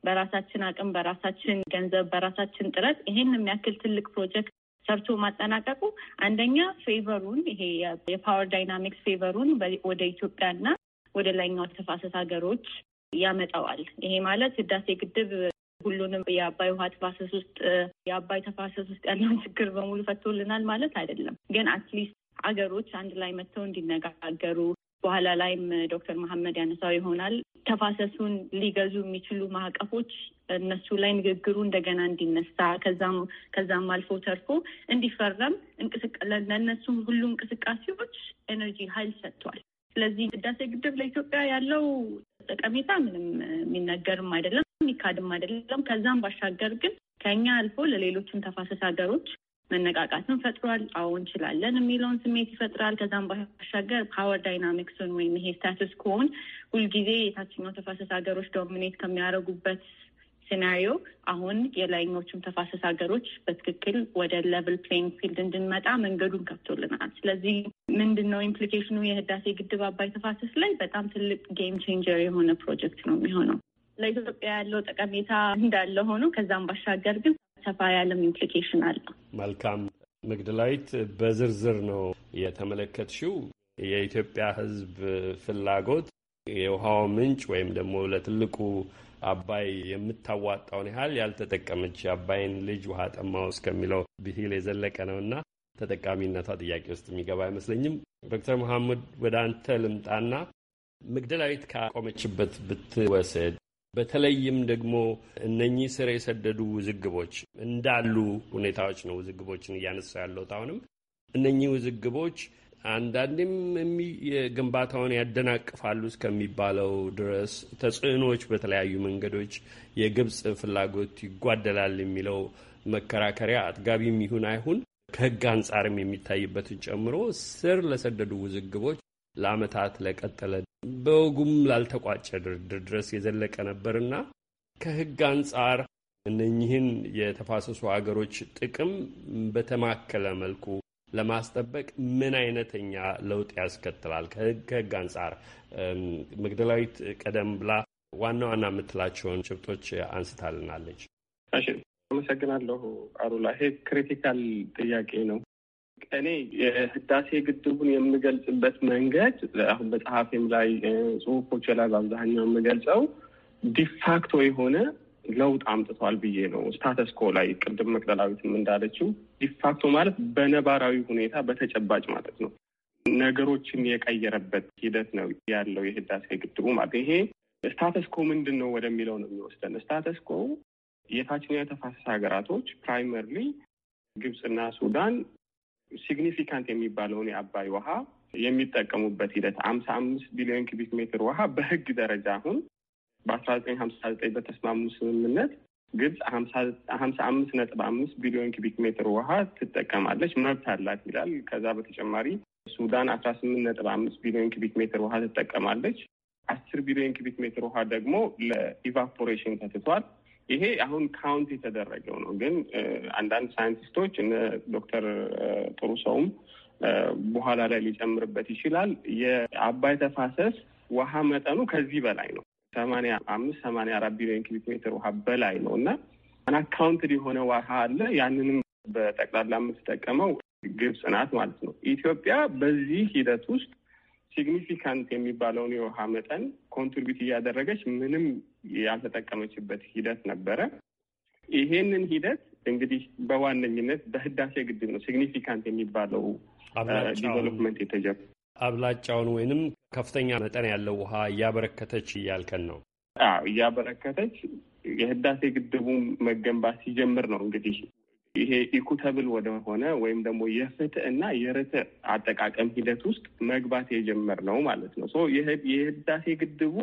በራሳችን አቅም፣ በራሳችን ገንዘብ፣ በራሳችን ጥረት ይሄን የሚያክል ትልቅ ፕሮጀክት ሰርቶ ማጠናቀቁ አንደኛ ፌቨሩን ይሄ የፓወር ዳይናሚክስ ፌቨሩን ወደ ኢትዮጵያና ወደ ላይኛው ተፋሰስ ሀገሮች ያመጣዋል። ይሄ ማለት ህዳሴ ግድብ ሁሉንም የአባይ ውሃ ተፋሰስ ውስጥ የአባይ ተፋሰስ ውስጥ ያለውን ችግር በሙሉ ፈቶልናል ማለት አይደለም። ግን አትሊስት አገሮች አንድ ላይ መጥተው እንዲነጋገሩ በኋላ ላይም ዶክተር መሐመድ ያነሳው ይሆናል ተፋሰሱን ሊገዙ የሚችሉ ማዕቀፎች እነሱ ላይ ንግግሩ እንደገና እንዲነሳ ከዛም ከዛም አልፎ ተርፎ እንዲፈረም ለእነሱም ሁሉ እንቅስቃሴዎች ኤነርጂ ኃይል ሰጥቷል። ስለዚህ ህዳሴ ግድብ ለኢትዮጵያ ያለው ጠቀሜታ ምንም የሚነገርም አይደለም፣ የሚካድም አይደለም። ከዛም ባሻገር ግን ከኛ አልፎ ለሌሎችም ተፋሰስ ሀገሮች መነቃቃትን ፈጥሯል። አዎ እንችላለን የሚለውን ስሜት ይፈጥራል። ከዛም ባሻገር ፓወር ዳይናሚክስን ወይም ይሄ ስታትስ ኮን ሁልጊዜ የታችኛው ተፋሰስ ሀገሮች ዶሚኔት ከሚያደርጉበት ሲናሪዮ አሁን የላይኞቹም ተፋሰስ ሀገሮች በትክክል ወደ ሌቭል ፕሌይንግ ፊልድ እንድንመጣ መንገዱን ከፍቶልናል። ስለዚህ ምንድን ነው ኢምፕሊኬሽኑ? የህዳሴ ግድብ አባይ ተፋሰስ ላይ በጣም ትልቅ ጌም ቼንጀር የሆነ ፕሮጀክት ነው የሚሆነው። ለኢትዮጵያ ያለው ጠቀሜታ እንዳለ ሆኖ ከዛም ባሻገር ግን ሰፋ ያለም ኢምፕሊኬሽን አለው። መልካም መግደላዊት፣ በዝርዝር ነው የተመለከትሽው። የኢትዮጵያ ህዝብ ፍላጎት የውሃው ምንጭ ወይም ደግሞ ለትልቁ አባይ የምታዋጣውን ያህል ያልተጠቀመች የአባይን ልጅ ውሃ ጠማው እስከሚለው ብሂል የዘለቀ ነውና ተጠቃሚነቷ ጥያቄ ውስጥ የሚገባ አይመስለኝም። ዶክተር መሐመድ ወደ አንተ ልምጣና መግደላዊት ካቆመችበት ብትወሰድ በተለይም ደግሞ እነኚህ ስር የሰደዱ ውዝግቦች እንዳሉ ሁኔታዎች ነው ውዝግቦችን እያነሳ ያለሁት። አሁንም እነኚህ ውዝግቦች አንዳንድም ግንባታውን ያደናቅፋሉ እስከሚባለው ድረስ ተጽዕኖዎች በተለያዩ መንገዶች የግብፅ ፍላጎት ይጓደላል የሚለው መከራከሪያ አጥጋቢም ይሁን አይሁን ከሕግ አንጻርም የሚታይበትን ጨምሮ ስር ለሰደዱ ውዝግቦች ለአመታት ለቀጠለ በወጉም ላልተቋጨ ድርድር ድረስ የዘለቀ ነበርና ከሕግ አንጻር እነኚህን የተፋሰሱ አገሮች ጥቅም በተማከለ መልኩ ለማስጠበቅ ምን አይነተኛ ለውጥ ያስከትላል? ከህግ አንጻር መግደላዊት ቀደም ብላ ዋና ዋና የምትላቸውን ጭብጦች አንስታልናለች። እሺ፣ አመሰግናለሁ አሩላ። ይሄ ክሪቲካል ጥያቄ ነው። እኔ የህዳሴ ግድቡን የምገልጽበት መንገድ አሁን በጸሐፊም ላይ ጽሁፎች ላይ በአብዛኛው የምገልጸው ዲፋክቶ የሆነ ለውጥ አምጥቷል ብዬ ነው። ስታተስ ኮ ላይ ቅድም መቅደላዊትም እንዳለችው ዲፋክቶ ማለት በነባራዊ ሁኔታ በተጨባጭ ማለት ነው። ነገሮችን የቀየረበት ሂደት ነው ያለው የህዳሴ ግድቡ ማለት ይሄ ስታተስ ኮ ምንድን ነው ወደሚለው ነው የሚወስደን። ስታተስ ኮ የታችኛው የተፋሰስ ሀገራቶች ፕራይመርሊ ግብፅና ሱዳን ሲግኒፊካንት የሚባለውን የአባይ ውሃ የሚጠቀሙበት ሂደት አምሳ አምስት ቢሊዮን ኪቢክ ሜትር ውሃ በህግ ደረጃ አሁን በአስራ ዘጠኝ ሀምሳ ዘጠኝ በተስማሙ ስምምነት ግብጽ ሀምሳ አምስት ነጥብ አምስት ቢሊዮን ኪቢክ ሜትር ውሃ ትጠቀማለች መብት አላት ይላል። ከዛ በተጨማሪ ሱዳን አስራ ስምንት ነጥብ አምስት ቢሊዮን ኪቢክ ሜትር ውሃ ትጠቀማለች። አስር ቢሊዮን ኪቢክ ሜትር ውሃ ደግሞ ለኢቫፖሬሽን ተትቷል። ይሄ አሁን ካውንት የተደረገው ነው። ግን አንዳንድ ሳይንቲስቶች እነ ዶክተር ጥሩ ሰውም በኋላ ላይ ሊጨምርበት ይችላል የአባይ ተፋሰስ ውሃ መጠኑ ከዚህ በላይ ነው። ሰማኒያ አምስት ሰማኒያ አራት ቢሊዮን ኪቢክ ሜትር ውሃ በላይ ነው እና አናካውንትድ የሆነ ውሃ አለ። ያንንም በጠቅላላ የምትጠቀመው ግብጽ ናት ማለት ነው። ኢትዮጵያ በዚህ ሂደት ውስጥ ሲግኒፊካንት የሚባለውን የውሃ መጠን ኮንትሪቢዩት እያደረገች ምንም ያልተጠቀመችበት ሂደት ነበረ። ይሄንን ሂደት እንግዲህ በዋነኝነት በህዳሴ ግድብ ነው ሲግኒፊካንት የሚባለው ዲቨሎፕመንት የተጀመረው። አብላጫውን ወይንም ከፍተኛ መጠን ያለው ውሃ እያበረከተች እያልከን ነው? አዎ እያበረከተች የህዳሴ ግድቡ መገንባት ሲጀምር ነው እንግዲህ ይሄ ኢኩተብል ወደሆነ ወይም ደግሞ የፍትህ እና የርትዕ አጠቃቀም ሂደት ውስጥ መግባት የጀመር ነው ማለት ነው። የህዳሴ ግድቡ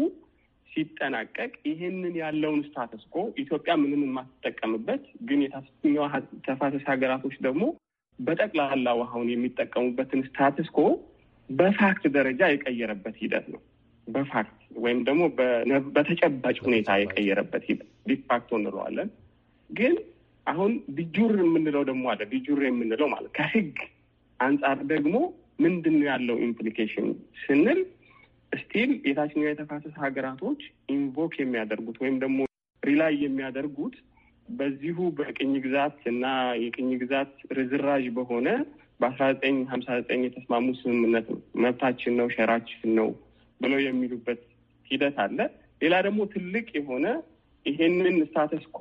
ሲጠናቀቅ ይህንን ያለውን ስታተስኮ ኢትዮጵያ ምንም የማትጠቀምበት ግን የታችኛው ተፋሰስ ሀገራቶች ደግሞ በጠቅላላ ውሃውን የሚጠቀሙበትን ስታተስኮ በፋክት ደረጃ የቀየረበት ሂደት ነው። በፋክት ወይም ደግሞ በተጨባጭ ሁኔታ የቀየረበት ሂደት ዲፋክቶ እንለዋለን። ግን አሁን ዲጁር የምንለው ደግሞ አለ። ዲጁር የምንለው ማለት ከህግ አንጻር ደግሞ ምንድን ያለው ኢምፕሊኬሽን ስንል ስቲል የታችኛው የተፋሰስ ሀገራቶች ኢንቮክ የሚያደርጉት ወይም ደግሞ ሪላይ የሚያደርጉት በዚሁ በቅኝ ግዛት እና የቅኝ ግዛት ርዝራዥ በሆነ በአስራ ዘጠኝ ሀምሳ ዘጠኝ የተስማሙ ስምምነት ነው፣ መብታችን ነው፣ ሸራችን ነው ብለው የሚሉበት ሂደት አለ። ሌላ ደግሞ ትልቅ የሆነ ይሄንን ስታተስኮ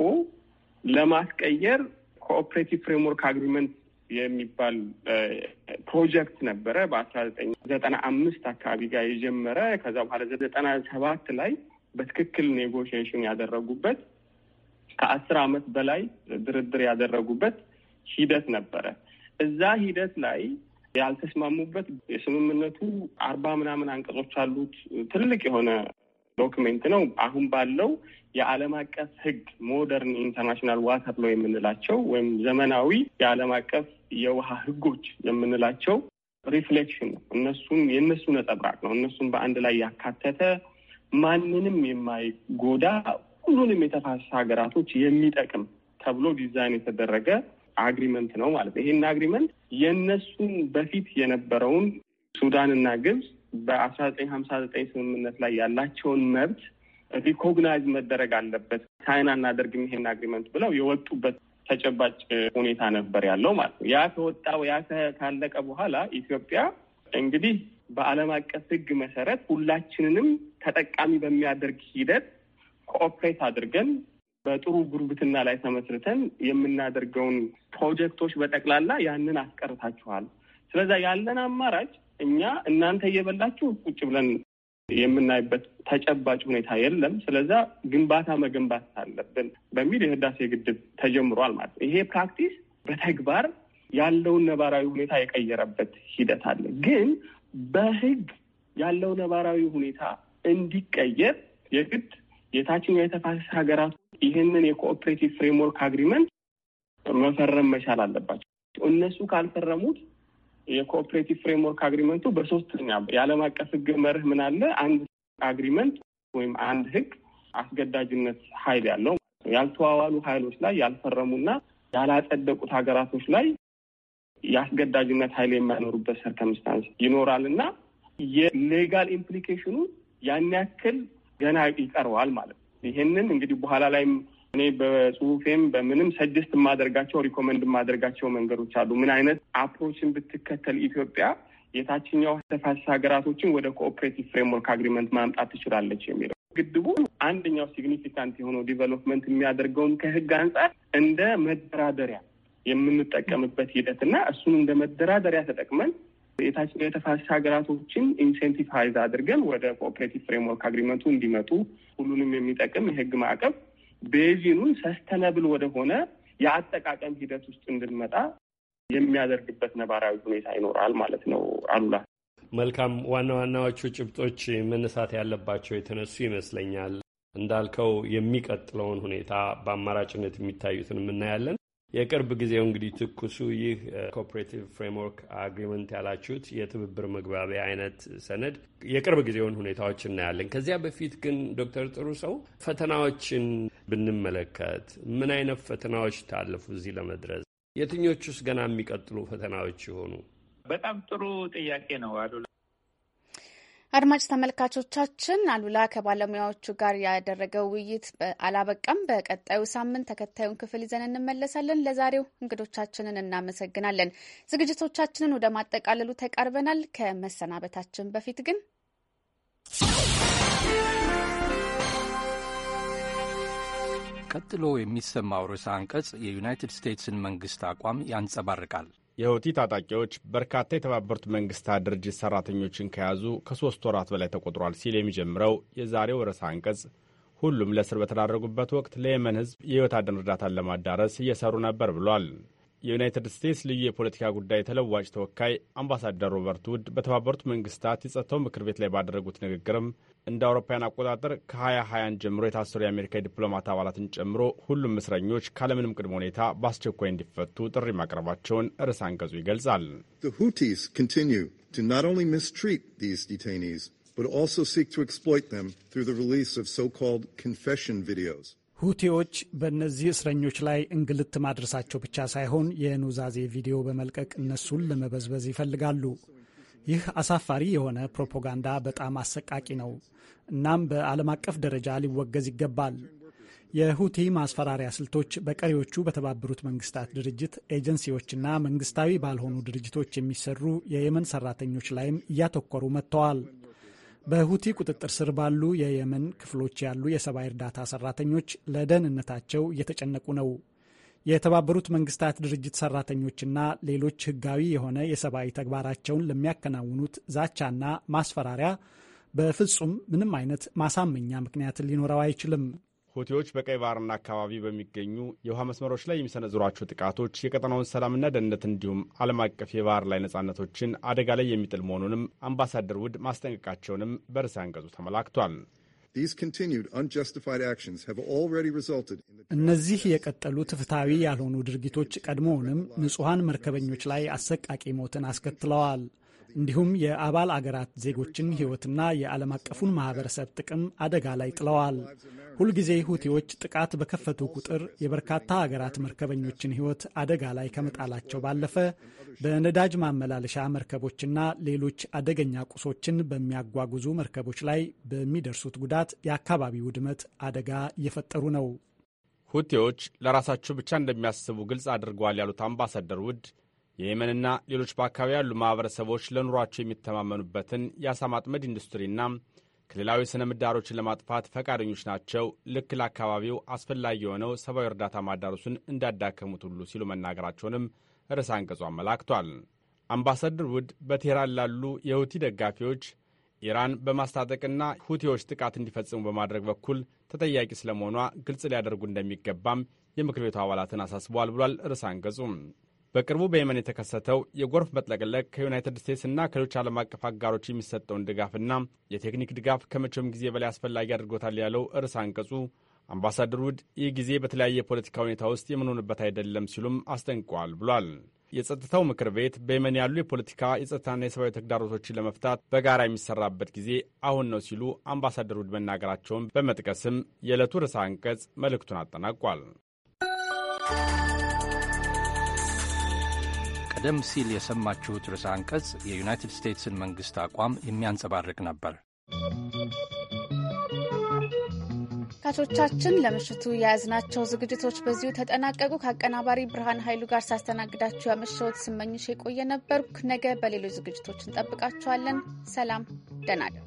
ለማስቀየር ኮኦፕሬቲቭ ፍሬምወርክ አግሪመንት የሚባል ፕሮጀክት ነበረ በአስራ ዘጠኝ ዘጠና አምስት አካባቢ ጋር የጀመረ ከዛ በኋላ ዘጠና ሰባት ላይ በትክክል ኔጎሽሽን ያደረጉበት ከአስር አመት በላይ ድርድር ያደረጉበት ሂደት ነበረ። እዛ ሂደት ላይ ያልተስማሙበት የስምምነቱ አርባ ምናምን አንቀጾች አሉት። ትልቅ የሆነ ዶክመንት ነው። አሁን ባለው የዓለም አቀፍ ሕግ ሞደርን ኢንተርናሽናል ዋተር ሎ የምንላቸው ወይም ዘመናዊ የዓለም አቀፍ የውሃ ሕጎች የምንላቸው ሪፍሌክሽን ነው። እነሱን የእነሱ ነጸብራቅ ነው። እነሱን በአንድ ላይ ያካተተ ማንንም የማይጎዳ ሁሉንም የተፋሰስ ሀገራቶች የሚጠቅም ተብሎ ዲዛይን የተደረገ አግሪመንት ነው ማለት ነው። ይሄን አግሪመንት የእነሱን በፊት የነበረውን ሱዳንና ግብጽ በአስራ ዘጠኝ ሀምሳ ዘጠኝ ስምምነት ላይ ያላቸውን መብት ሪኮግናይዝ መደረግ አለበት፣ ቻይና እናደርግም ይሄን አግሪመንት ብለው የወጡበት ተጨባጭ ሁኔታ ነበር ያለው ማለት ነው። ያ ከወጣ ያ ካለቀ በኋላ ኢትዮጵያ እንግዲህ በዓለም አቀፍ ሕግ መሰረት ሁላችንንም ተጠቃሚ በሚያደርግ ሂደት ኮኦፕሬት አድርገን በጥሩ ጉርብትና ላይ ተመስርተን የምናደርገውን ፕሮጀክቶች በጠቅላላ ያንን አስቀርታችኋል። ስለዛ ያለን አማራጭ እኛ እናንተ እየበላችሁ ቁጭ ብለን የምናይበት ተጨባጭ ሁኔታ የለም። ስለዛ ግንባታ መገንባት አለብን በሚል የህዳሴ ግድብ ተጀምሯል ማለት ነው። ይሄ ፕራክቲስ በተግባር ያለውን ነባራዊ ሁኔታ የቀየረበት ሂደት አለ። ግን በህግ ያለው ነባራዊ ሁኔታ እንዲቀየር የግድ የታችኛው የተፋሰስ ሀገራት ይህንን የኮኦፕሬቲቭ ፍሬምወርክ አግሪመንት መፈረም መቻል አለባቸው። እነሱ ካልፈረሙት የኮኦፕሬቲቭ ፍሬምወርክ አግሪመንቱ በሶስተኛ የዓለም አቀፍ ህግ መርህ ምን አለ? አንድ አግሪመንት ወይም አንድ ህግ አስገዳጅነት ኃይል ያለው ያልተዋዋሉ ኃይሎች ላይ ያልፈረሙና ያላጸደቁት ሀገራቶች ላይ የአስገዳጅነት ኃይል የማይኖሩበት ሰርከምስታንስ ይኖራል እና የሌጋል ኢምፕሊኬሽኑ ያን ያክል ገና ይቀረዋል ማለት ነው። ይሄንን እንግዲህ በኋላ ላይም እኔ በጽሁፌም በምንም ሰጀስት የማደርጋቸው ሪኮመንድ የማደርጋቸው መንገዶች አሉ። ምን አይነት አፕሮችን ብትከተል ኢትዮጵያ የታችኛው ተፋሰስ ሀገራቶችን ወደ ኮኦፕሬቲቭ ፍሬምወርክ አግሪመንት ማምጣት ትችላለች የሚለው ግድቡ አንደኛው ሲግኒፊካንት የሆነው ዲቨሎፕመንት የሚያደርገውን ከህግ አንጻር እንደ መደራደሪያ የምንጠቀምበት ሂደት እና እሱን እንደ መደራደሪያ ተጠቅመን የታችኛው የተፋሰስ ሀገራቶችን ኢንሴንቲቫይዝ አድርገን ወደ ኮኦፕሬቲቭ ፍሬምወርክ አግሪመንቱ እንዲመጡ ሁሉንም የሚጠቅም የህግ ማዕቀፍ ቤዚኑን ሰስተነብል ወደሆነ የአጠቃቀም ሂደት ውስጥ እንድንመጣ የሚያደርግበት ነባራዊ ሁኔታ ይኖራል ማለት ነው። አሉላ መልካም። ዋና ዋናዎቹ ጭብጦች መነሳት ያለባቸው የተነሱ ይመስለኛል። እንዳልከው የሚቀጥለውን ሁኔታ በአማራጭነት የሚታዩትን እናያለን። የቅርብ ጊዜው እንግዲህ ትኩሱ ይህ ኮኦፕሬቲቭ ፍሬምወርክ አግሪመንት ያላችሁት የትብብር መግባቢያ አይነት ሰነድ የቅርብ ጊዜውን ሁኔታዎች እናያለን። ከዚያ በፊት ግን ዶክተር ጥሩ ሰው ፈተናዎችን ብንመለከት ምን አይነት ፈተናዎች ታለፉ እዚህ ለመድረስ? የትኞቹስ ገና የሚቀጥሉ ፈተናዎች ይሆኑ? በጣም ጥሩ ጥያቄ ነው አሉላ። አድማጭ ተመልካቾቻችን አሉላ ከባለሙያዎቹ ጋር ያደረገው ውይይት አላበቃም። በቀጣዩ ሳምንት ተከታዩን ክፍል ይዘን እንመለሳለን። ለዛሬው እንግዶቻችንን እናመሰግናለን። ዝግጅቶቻችንን ወደ ማጠቃለሉ ተቃርበናል። ከመሰናበታችን በፊት ግን ቀጥሎ የሚሰማው ርዕሰ አንቀጽ የዩናይትድ ስቴትስን መንግስት አቋም ያንጸባርቃል። የሁቲ ታጣቂዎች በርካታ የተባበሩት መንግስታት ድርጅት ሰራተኞችን ከያዙ ከሦስት ወራት በላይ ተቆጥሯል ሲል የሚጀምረው የዛሬው ርዕሰ አንቀጽ ሁሉም ለእስር በተዳረጉበት ወቅት ለየመን ህዝብ የህይወት አድን እርዳታን ለማዳረስ እየሰሩ ነበር ብሏል። የዩናይትድ ስቴትስ ልዩ የፖለቲካ ጉዳይ ተለዋጭ ተወካይ አምባሳደር ሮበርት ውድ በተባበሩት መንግስታት የጸጥታው ምክር ቤት ላይ ባደረጉት ንግግርም እንደ አውሮፓውያን አቆጣጠር ከ2020 ጀምሮ የታሰሩ የአሜሪካ የዲፕሎማት አባላትን ጨምሮ ሁሉም እስረኞች ካለምንም ቅድመ ሁኔታ በአስቸኳይ እንዲፈቱ ጥሪ ማቅረባቸውን ርዕስ አንቀጹ ይገልጻል። ሁቲስ continue to not only mistreat these detainees but also seek ሁቲዎች በእነዚህ እስረኞች ላይ እንግልት ማድረሳቸው ብቻ ሳይሆን የኑዛዜ ቪዲዮ በመልቀቅ እነሱን ለመበዝበዝ ይፈልጋሉ። ይህ አሳፋሪ የሆነ ፕሮፓጋንዳ በጣም አሰቃቂ ነው። እናም በዓለም አቀፍ ደረጃ ሊወገዝ ይገባል። የሁቲ ማስፈራሪያ ስልቶች በቀሪዎቹ በተባበሩት መንግስታት ድርጅት ኤጀንሲዎችና መንግስታዊ ባልሆኑ ድርጅቶች የሚሰሩ የየመን ሰራተኞች ላይም እያተኮሩ መጥተዋል። በሁቲ ቁጥጥር ስር ባሉ የየመን ክፍሎች ያሉ የሰብአዊ እርዳታ ሰራተኞች ለደህንነታቸው እየተጨነቁ ነው። የተባበሩት መንግስታት ድርጅት ሰራተኞችና ሌሎች ህጋዊ የሆነ የሰብአዊ ተግባራቸውን ለሚያከናውኑት ዛቻና ማስፈራሪያ በፍጹም ምንም አይነት ማሳመኛ ምክንያት ሊኖረው አይችልም። ሁቲዎች በቀይ ባህርና አካባቢ በሚገኙ የውሃ መስመሮች ላይ የሚሰነዝሯቸው ጥቃቶች የቀጠናውን ሰላምና ደህንነት እንዲሁም ዓለም አቀፍ የባህር ላይ ነጻነቶችን አደጋ ላይ የሚጥል መሆኑንም አምባሳደር ውድ ማስጠንቀቃቸውንም በርዕሰ አንቀጹ ተመላክቷል። እነዚህ የቀጠሉት ፍትሐዊ ያልሆኑ ድርጊቶች ቀድሞውንም ንጹሐን መርከበኞች ላይ አሰቃቂ ሞትን አስከትለዋል። እንዲሁም የአባል አገራት ዜጎችን ሕይወትና የዓለም አቀፉን ማህበረሰብ ጥቅም አደጋ ላይ ጥለዋል። ሁልጊዜ ሁቲዎች ጥቃት በከፈቱ ቁጥር የበርካታ አገራት መርከበኞችን ሕይወት አደጋ ላይ ከመጣላቸው ባለፈ በነዳጅ ማመላለሻ መርከቦችና ሌሎች አደገኛ ቁሶችን በሚያጓጉዙ መርከቦች ላይ በሚደርሱት ጉዳት የአካባቢው ውድመት አደጋ እየፈጠሩ ነው። ሁቲዎች ለራሳቸው ብቻ እንደሚያስቡ ግልጽ አድርገዋል ያሉት አምባሳደር ውድ የየመንና ሌሎች በአካባቢ ያሉ ማኅበረሰቦች ለኑሯቸው የሚተማመኑበትን የአሳ ማጥመድ ኢንዱስትሪና ክልላዊ ስነ ምህዳሮችን ለማጥፋት ፈቃደኞች ናቸው። ልክ ለአካባቢው አስፈላጊ የሆነው ሰብአዊ እርዳታ ማዳረሱን እንዳዳከሙት ሁሉ ሲሉ መናገራቸውንም ርዕሰ አንቀጹ አመላክቷል። አምባሳደር ውድ በቴህራን ላሉ የሁቲ ደጋፊዎች ኢራን በማስታጠቅና ሁቲዎች ጥቃት እንዲፈጽሙ በማድረግ በኩል ተጠያቂ ስለመሆኗ ግልጽ ሊያደርጉ እንደሚገባም የምክር ቤቱ አባላትን አሳስበዋል ብሏል ርዕሰ አንቀጹ። በቅርቡ በየመን የተከሰተው የጎርፍ መጥለቅለቅ ከዩናይትድ ስቴትስ እና ከሌሎች ዓለም አቀፍ አጋሮች የሚሰጠውን ድጋፍና የቴክኒክ ድጋፍ ከመቼውም ጊዜ በላይ አስፈላጊ አድርጎታል ያለው እርስ አንቀጹ አምባሳደር ውድ ይህ ጊዜ በተለያየ የፖለቲካ ሁኔታ ውስጥ የምንሆንበት አይደለም ሲሉም አስጠንቀዋል ብሏል። የጸጥታው ምክር ቤት በየመን ያሉ የፖለቲካ የጸጥታና የሰብአዊ ተግዳሮቶችን ለመፍታት በጋራ የሚሰራበት ጊዜ አሁን ነው ሲሉ አምባሳደር ውድ መናገራቸውን በመጥቀስም የዕለቱ ርዕሰ አንቀጽ መልእክቱን አጠናቋል። ቀደም ሲል የሰማችሁት ርዕሰ አንቀጽ የዩናይትድ ስቴትስን መንግሥት አቋም የሚያንጸባርቅ ነበር። ተመልካቾቻችን ለምሽቱ የያዝናቸው ዝግጅቶች በዚሁ ተጠናቀቁ። ከአቀናባሪ ብርሃን ኃይሉ ጋር ሳስተናግዳችሁ ያመሸሁት ስመኝሽ የቆየ ነበርኩ። ነገ በሌሎች ዝግጅቶች እንጠብቃችኋለን። ሰላም፣ ደህና እደሩ።